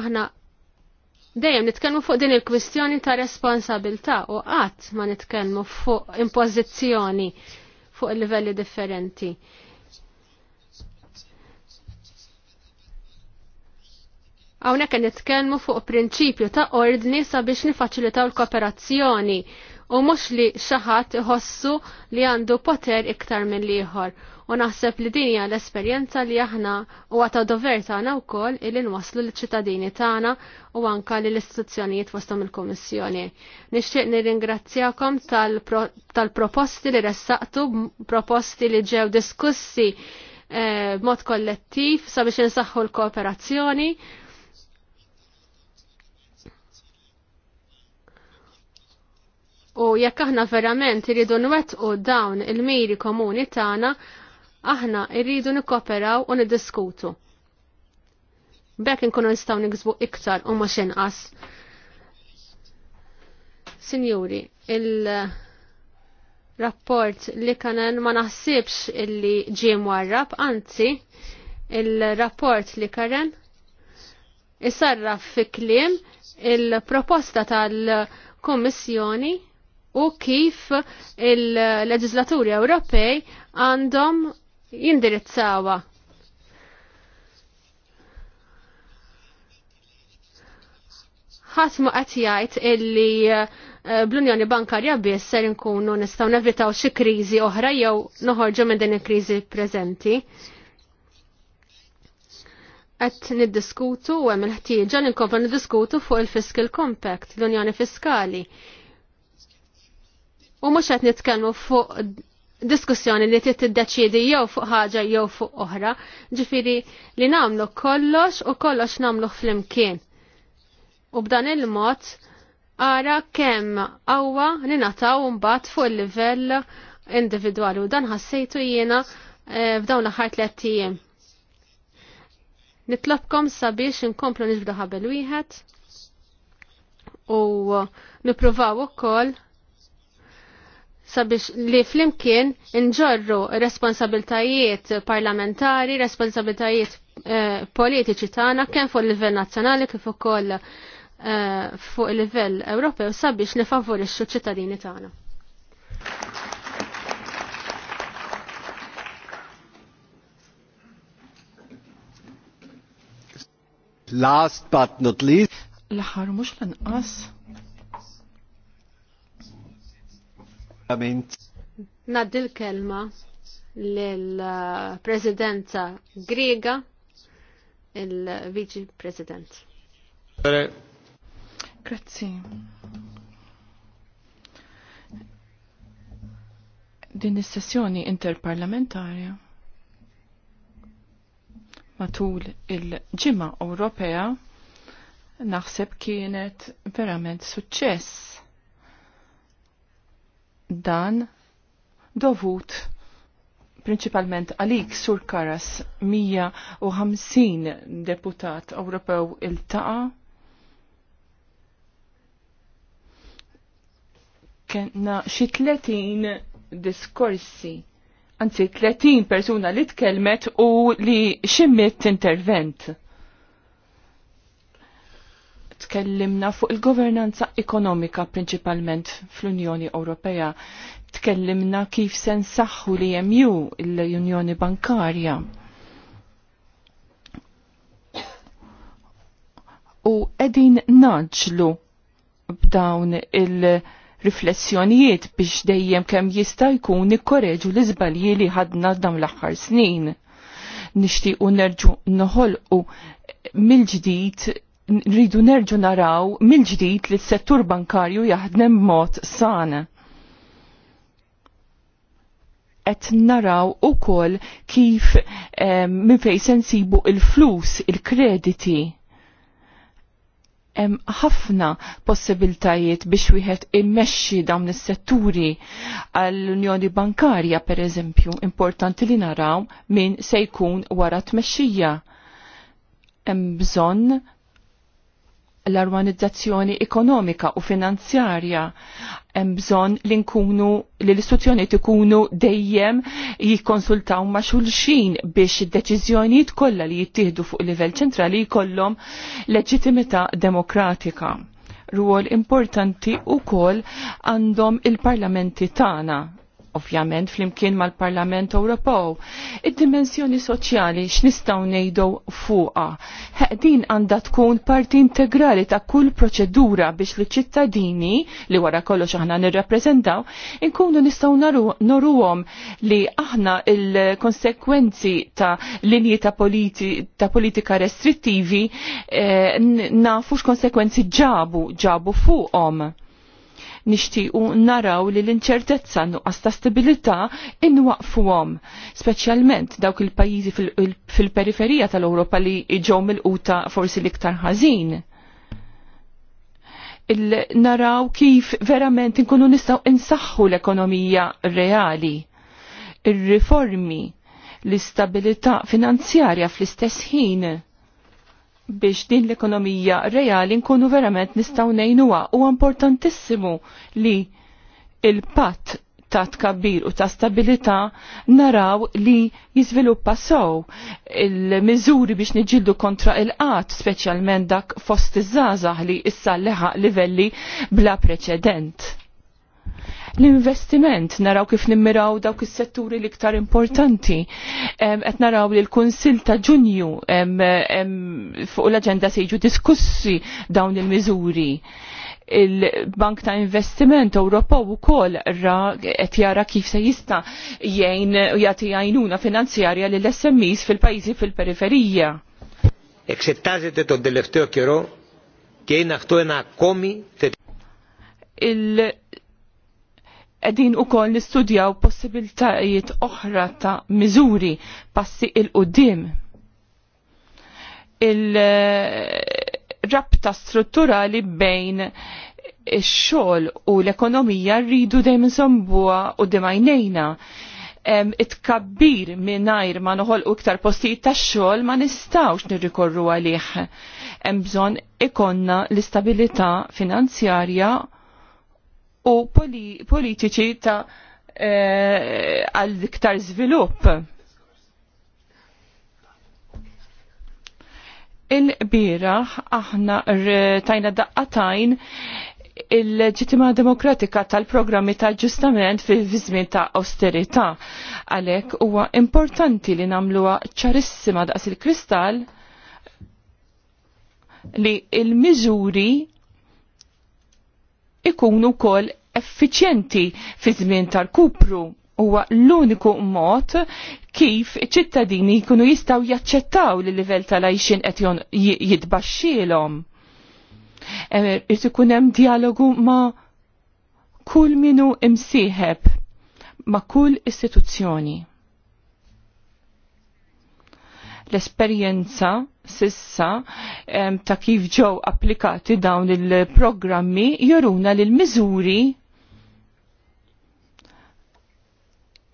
Aħna dejjem nitkellmu fuq din il-kwistjoni ta' responsabilità u qatt ma nitkellmu fuq impożizzjoni fuq livelli differenti. Hawnhekk nitkellmu fuq prinċipju ta' ordni sabiex nifaċilitaw l-kooperazzjoni u mhux li xi ħadd iħossu li għandu poter iktar minn liħor. U naħseb li din hija l-esperjenza li aħna huwa ta' dover tagħna wkoll il nwasslu l-ċittadini tagħna u anka lill istituzzjonijiet fostom il-Kummissjoni. Nixtieq nirringrazzjakom tal-proposti li ressaqtu, proposti li ġew diskussi eh, b'mod kollettiv sabiex insaħħu l-kooperazzjoni U jekk aħna verament irridu nwettqu dawn il-miri komuni tagħna, aħna irridu nikkoperaw u niddiskutu. Bekk inkunu nistgħu niksbu iktar u mhux inqas. Sinjuri, il-rapport li kanen ma naħsibx illi ġiem warrab, anzi il-rapport li karen isarraf fi kliem il-proposta tal komissjoni u kif il-leġislaturi Ewropej għandhom jindirizzawa. ħasmu qed jgħid illi eh, bl-Unjoni Bankarja biss ser inkunu nistgħu nevitaw xi kriżi oħra jew noħorġu minn din il-kriżi preżenti. Qed niddiskutu u hemm il-ħtieġa li nkomplu niddiskutu fuq il-Fiscal Compact, l-Unjoni Fiskali. U mhux qed nitkellmu fuq diskussjoni li trid tiddeċiedi jew fuq ħaġa jew fuq oħra, ġifiri li nagħmlu kollox u kollox nagħmlu flimkien. U b'dan il-mod ara kemm għawa li nataw mbagħad fuq il-livell individwali u dan ħassejtu jiena e, f'dawn l-aħħar tliet Nitlobkom sabiex inkomplu nġbdu ħabel wieħed u nippruvaw ukoll sabiex li flimkien nġorru responsabiltajiet parlamentari, responsabiltajiet eh, politiċi tagħna kemm fuq il-livell nazzjonali kif ukoll eh, fuq il-livell Ewropew sabiex nifavorixxu ċ-ċittadini tagħna. Last but not least. L-ħar mhux lanqas Naddi l-kelma l-Presidenza Griega, il vici President. Grazzi. Din is-sessjoni interparlamentarja matul il-ġimgħa Ewropea naħseb kienet verament suċċess dan dovut prinċipalment għalik sur Karas 150 deputat Ewropew il-taqa kena xi 30 diskorsi anzi 30 persuna li tkellmet u li ximmit intervent tkellimna fuq il-governanza ekonomika prinċipalment fl-Unjoni Ewropea. Tkellimna kif se nsaħħu li jemju l-Unjoni Bankarja. U edin naġlu b'dawn il-riflessjonijiet biex dejjem kemm jista' jkun ikkoreġu l-iżbalji li ħadna dawn l-aħħar snin nixtiequ nerġu noħolqu mill-ġdid rridu nerġu naraw mill-ġdid li s-settur bankarju jaħdem mod sana. Et naraw u koll kif minn minn fej sensibu il-flus, il-krediti. Hemm ħafna possibiltajiet biex wieħed immexxi dawn is-setturi għall-Unjoni Bankarja pereżempju importanti li naraw min se jkun wara tmexxija. Hemm bżonn l-armonizzazzjoni ekonomika u finanzjarja hemm bżonn li nkunu li l-istituzzjonijiet ikunu dejjem jikkonsultaw ma' xulxin biex id-deċiżjonijiet kollha li jittieħdu fuq livell ċentrali jkollhom leġitimità demokratika. Ruol importanti u kol għandhom il-parlamenti tagħna ovvjament flimkien mal-Parlament Ewropew. Id-dimensjoni soċjali x'nistgħu ngħidu fuqha. Din għandha tkun parti integrali ta' kull proċedura biex li ċittadini li wara kollox aħna nirrappreżentaw inkunu nistgħu noruhom li aħna il-konsekwenzi ta' linji ta', politi, ta politika restrittivi eh, nafux konsekwenzi ġabu ġabu fuqhom nixtiequ naraw li l-inċertezza nuqqas ta' stabilità inwaqfuhom, speċjalment dawk il-pajjiżi fil-periferija tal-Ewropa li ġew mill-quta forsi l-iktar ħażin. Naraw kif verament inkunu nistgħu insaħħu l-ekonomija reali. il riformi l-istabilità finanzjarja fl-istess ħin biex din l-ekonomija reali nkunu verament nistaw nejnuwa u importantissimu li il-pat ta' tkabbir u ta' stabilita naraw li jizviluppa sow il-mizuri biex niġildu kontra il-qat, specialment dak fost iż żazah li issa leħa livelli bla preċedent L-investiment, naraw kif nimmiraw dawk is-setturi l-iktar importanti. Qed naraw li l kunsill ta' Ġunju fuq l-aġenda se jiġu diskussi dawn il-miżuri il-Bank ta' Investiment Ewropa wkoll ra qed jara kif se jista' jgħin jagħti għajnuna finanzjarja lill SMEs fil-pajjiżi fil-periferija. Εξετάζεται τον τελευταίο καιρό και είναι αυτό ένα ακόμη θετικό edin u koll nistudjaw possibiltajiet oħra ta' miżuri passi il-qoddim. Il-rabta strutturali bejn ix-xogħol u l-ekonomija rridu dejjem nsombuha u it Itkabbir mingħajr ma noħolqu iktar postijiet tax-xogħol ma nistgħux nirrikorru għalih. Hemm bżonn ikonna l-istabilità finanzjarja u politiċi ta' eh, għal iktar żvilupp. Il-biraħ aħna tajna daqqatajn il ġitima demokratika tal-programmi ta' ġustament fi vizmin ta' austerita. Għalhekk huwa importanti li nagħmluha ċarissima daqs il-kristall li il-miżuri ikunu kol effiċjenti fi żmien tal-kupru huwa l-uniku mod kif ċittadini jkunu jistaw jaċċettaw li livell tal-għajxin qed jitbaxxielhom. E, Irid ikun hemm dialogu ma' kull minu imsieħeb ma' kull istituzzjoni. L-esperjenza sissa ta' kif ġew applikati dawn il-programmi juruna li l-miżuri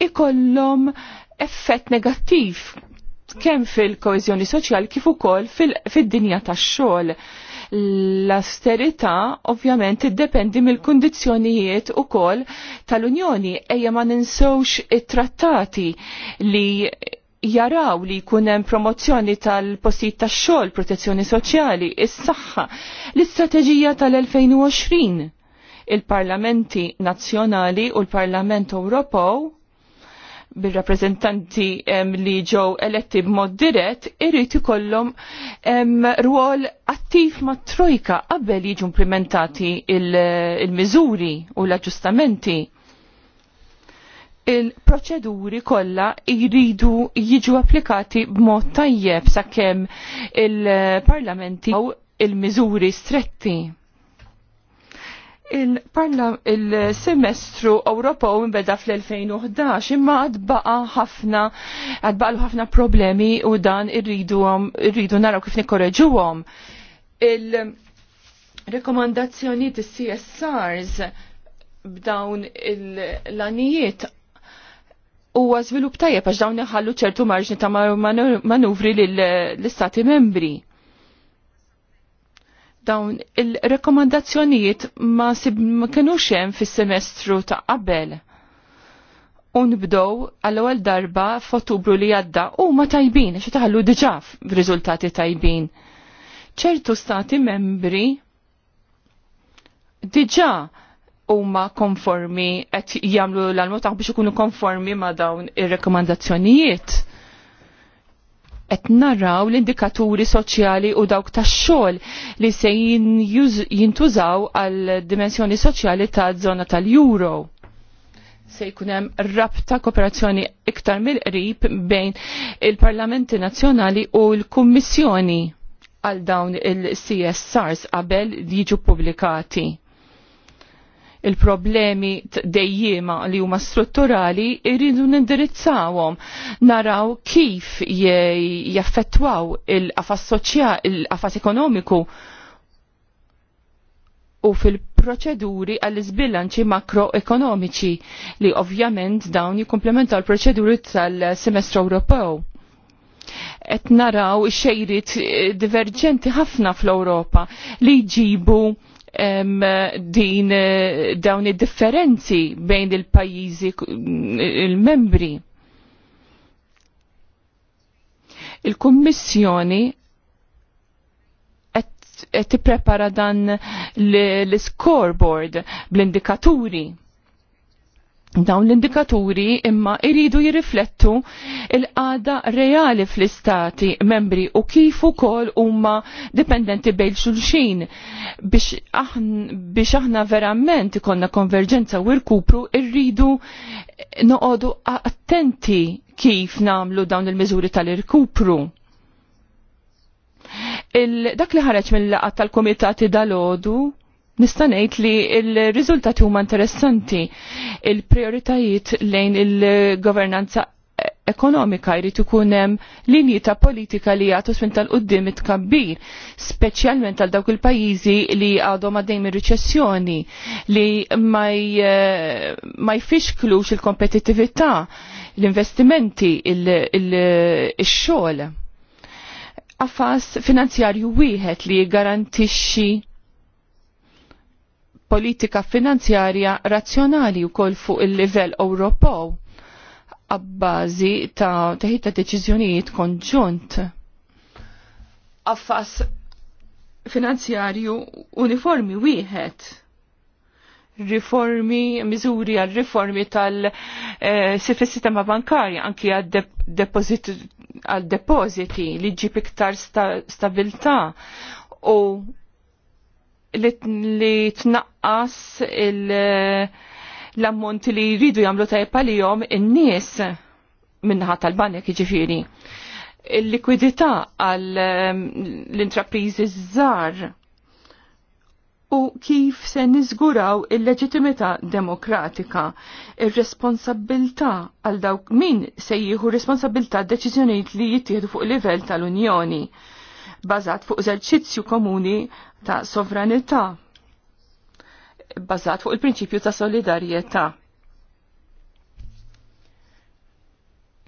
ikollhom effett negattiv kemm fil-koeżjoni soċjali kif ukoll fid-dinja tax-xogħol. l asterità ovvjament iddependi mill-kundizzjonijiet ukoll tal-Unjoni ejja ma ninsewx it-trattati li jaraw li kunem promozzjoni tal-postijiet tax-xogħol, protezzjoni soċjali, is-saħħa, l-istrateġija tal-2020. Il-parlamenti nazzjonali u l-Parlament Ewropew bil-rappresentanti li ġew eletti b'mod dirett irid ikollhom rwol attiv mat trojka qabel jiġu implementati il-miżuri u l-aġġustamenti il-proċeduri kollha jridu jiġu applikati b'mod tajjeb sakemm il-parlamenti jew il-miżuri stretti. Il-semestru il Ewropew imbeda fl-2011 imma għadbaqa ħafna għadbaqalu ħafna problemi u dan irridu, irridu naraw kif nikkoreġuhom. Il-rekomandazzjoni tis-CSRs b'dawn l-anijiet huwa żvilupp tajjeb għax dawn iħallu ċertu marġni ta' manuvri lill-istati membri. Dawn il-rekomandazzjonijiet ma, ma kienu hemm fis-semestru ta' qabel. U nibdew għall-ewwel darba f'Ottubru li għadda huma tajbin xi taħallu diġà f'riżultati tajbin. ċertu stati membri diġà huma konformi qed jagħmlu l-almutaħ biex ikunu konformi ma' dawn ir-rekomandazzjonijiet. Qed naraw l-indikaturi soċjali u dawk tax-xogħol li se jintużaw għal dimensjoni soċjali ta' żona tal-Euro se jkun hemm rabta kooperazzjoni iktar mill-qrib bejn il-Parlamenti Nazzjonali u l-Kummissjoni għal dawn il-CSRs qabel jiġu pubblikati il-problemi dejjima li huma strutturali iridu nindirizzawhom naraw kif jaffettwaw il-qafas il-qafas ekonomiku u fil-proċeduri għall sbilanċi makroekonomiċi li ovvjament dawn jikkomplementaw l-proċeduri tal-semestru Ewropew et naraw xejrit diverġenti ħafna fl ewropa li jġibu din eh, dawn id-differenzi bejn il-pajjiżi il-membri. Il-Kummissjoni qed tipprepara dan l-scoreboard bl-indikaturi dawn l-indikaturi imma iridu jirriflettu il-qada reali fl-istati membri u kif ukoll huma dipendenti bejn xulxin biex aħna verament ikonna konverġenza u rkupru irridu noqogħdu attenti kif namlu dawn il-miżuri tal-irkupru. Il Dak li ħareġ mill-laqat tal-komitati dal odu Nista' ngħid li l-riżultati huma interessanti. Il-prioritajiet lejn il-governanza ekonomika jrid ikun hemm linji ta' politika li jagħtu spin tal-qudiem tkabbir, speċjalment għal dawk il-pajjiżi li għadhom għaddejn ir-riċessjoni li ma jfixklux il-kompetittività, l-investimenti, il-xogħol. Affas finanzjarju wieħed li jgarantixxi politika finanzjarja razzjonali wkoll fuq il-livell Ewropew għabbażi ta' teħita deċiżjonijiet konġunt. Affas finanzjarju uniformi wieħed. Riformi, miżuri għal riformi tal-sistema eh, bankarja anki għal depoziti għal depoziti li ġib iktar stabilta u li tnaqqas l-ammont li jridu jagħmlu tajpa li jom in-nies minnaħat tal-banek jiġifieri. Il-likwidità għal ehm, l-intrapriżi żgħar u kif se niżguraw il-leġitimità demokratika, ir-responsabilità għal dawk min se jieħu responsabilità deċiżjonijiet li jittieħdu fuq livell tal-Unjoni bazat fuq eżerċizzju komuni ta' sovranità, bazat fuq il-prinċipju ta' solidarjetà.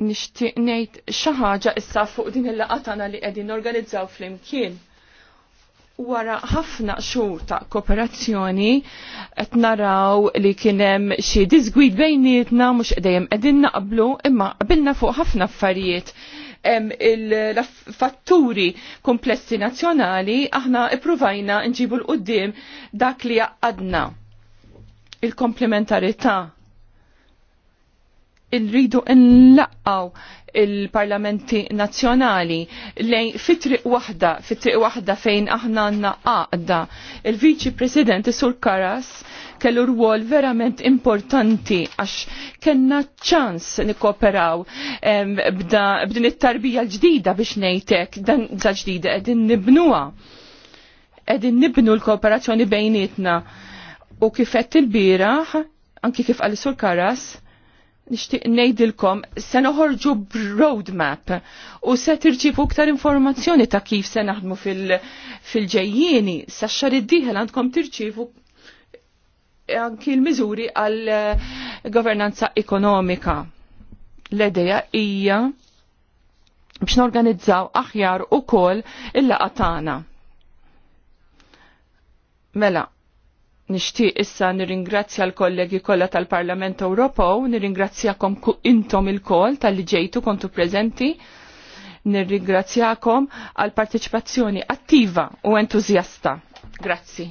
Nixtieq ngħid xi ħaġa issa fuq din il-laqgħa tagħna li qegħdin organizzaw flimkien wara ħafna xhur ta' kooperazzjoni qed naraw li kien hemm xi diżgwid bejnietna mhux qdejjem qegħdin naqblu imma qabilna fuq ħafna affarijiet il-fatturi komplessi nazzjonali aħna ippruvajna nġibu l-qoddim dak li jaqqadna il komplementarita irridu nlaqqaw il-parlamenti nazzjonali lejn fitriq waħda, fitriq waħda fejn aħna għanna għaqda. Il-Viċi President Sur Karas kellu rwol verament importanti għax kellna ċans nikoperaw b'din it-tarbija l-ġdida biex ngħidlek dan za ġdida qegħdin nibnuha. Qegħdin nibnu l-kooperazzjoni bejnietna u kifett il-bieraħ anki kif għal Sur Karas nishtiq nejdilkom se noħorġu roadmap u se tirċifu ktar informazzjoni ta' kif se naħdmu fil ġejjini fil sa xar id-dieħel għandkom tirċifu eh, anki l-miżuri għal eh, governanza ekonomika. L-edeja hija biex norganizzaw aħjar u kol illa għatana. Mela, Nixtieq issa nirringrazzja l-kollegi kollha tal-Parlament Ewropew, nirringrazzjakom intom il koll tal-li ġejtu kontu preżenti, nirringrazzjakom għal parteċipazzjoni attiva u entużjasta. Grazzi.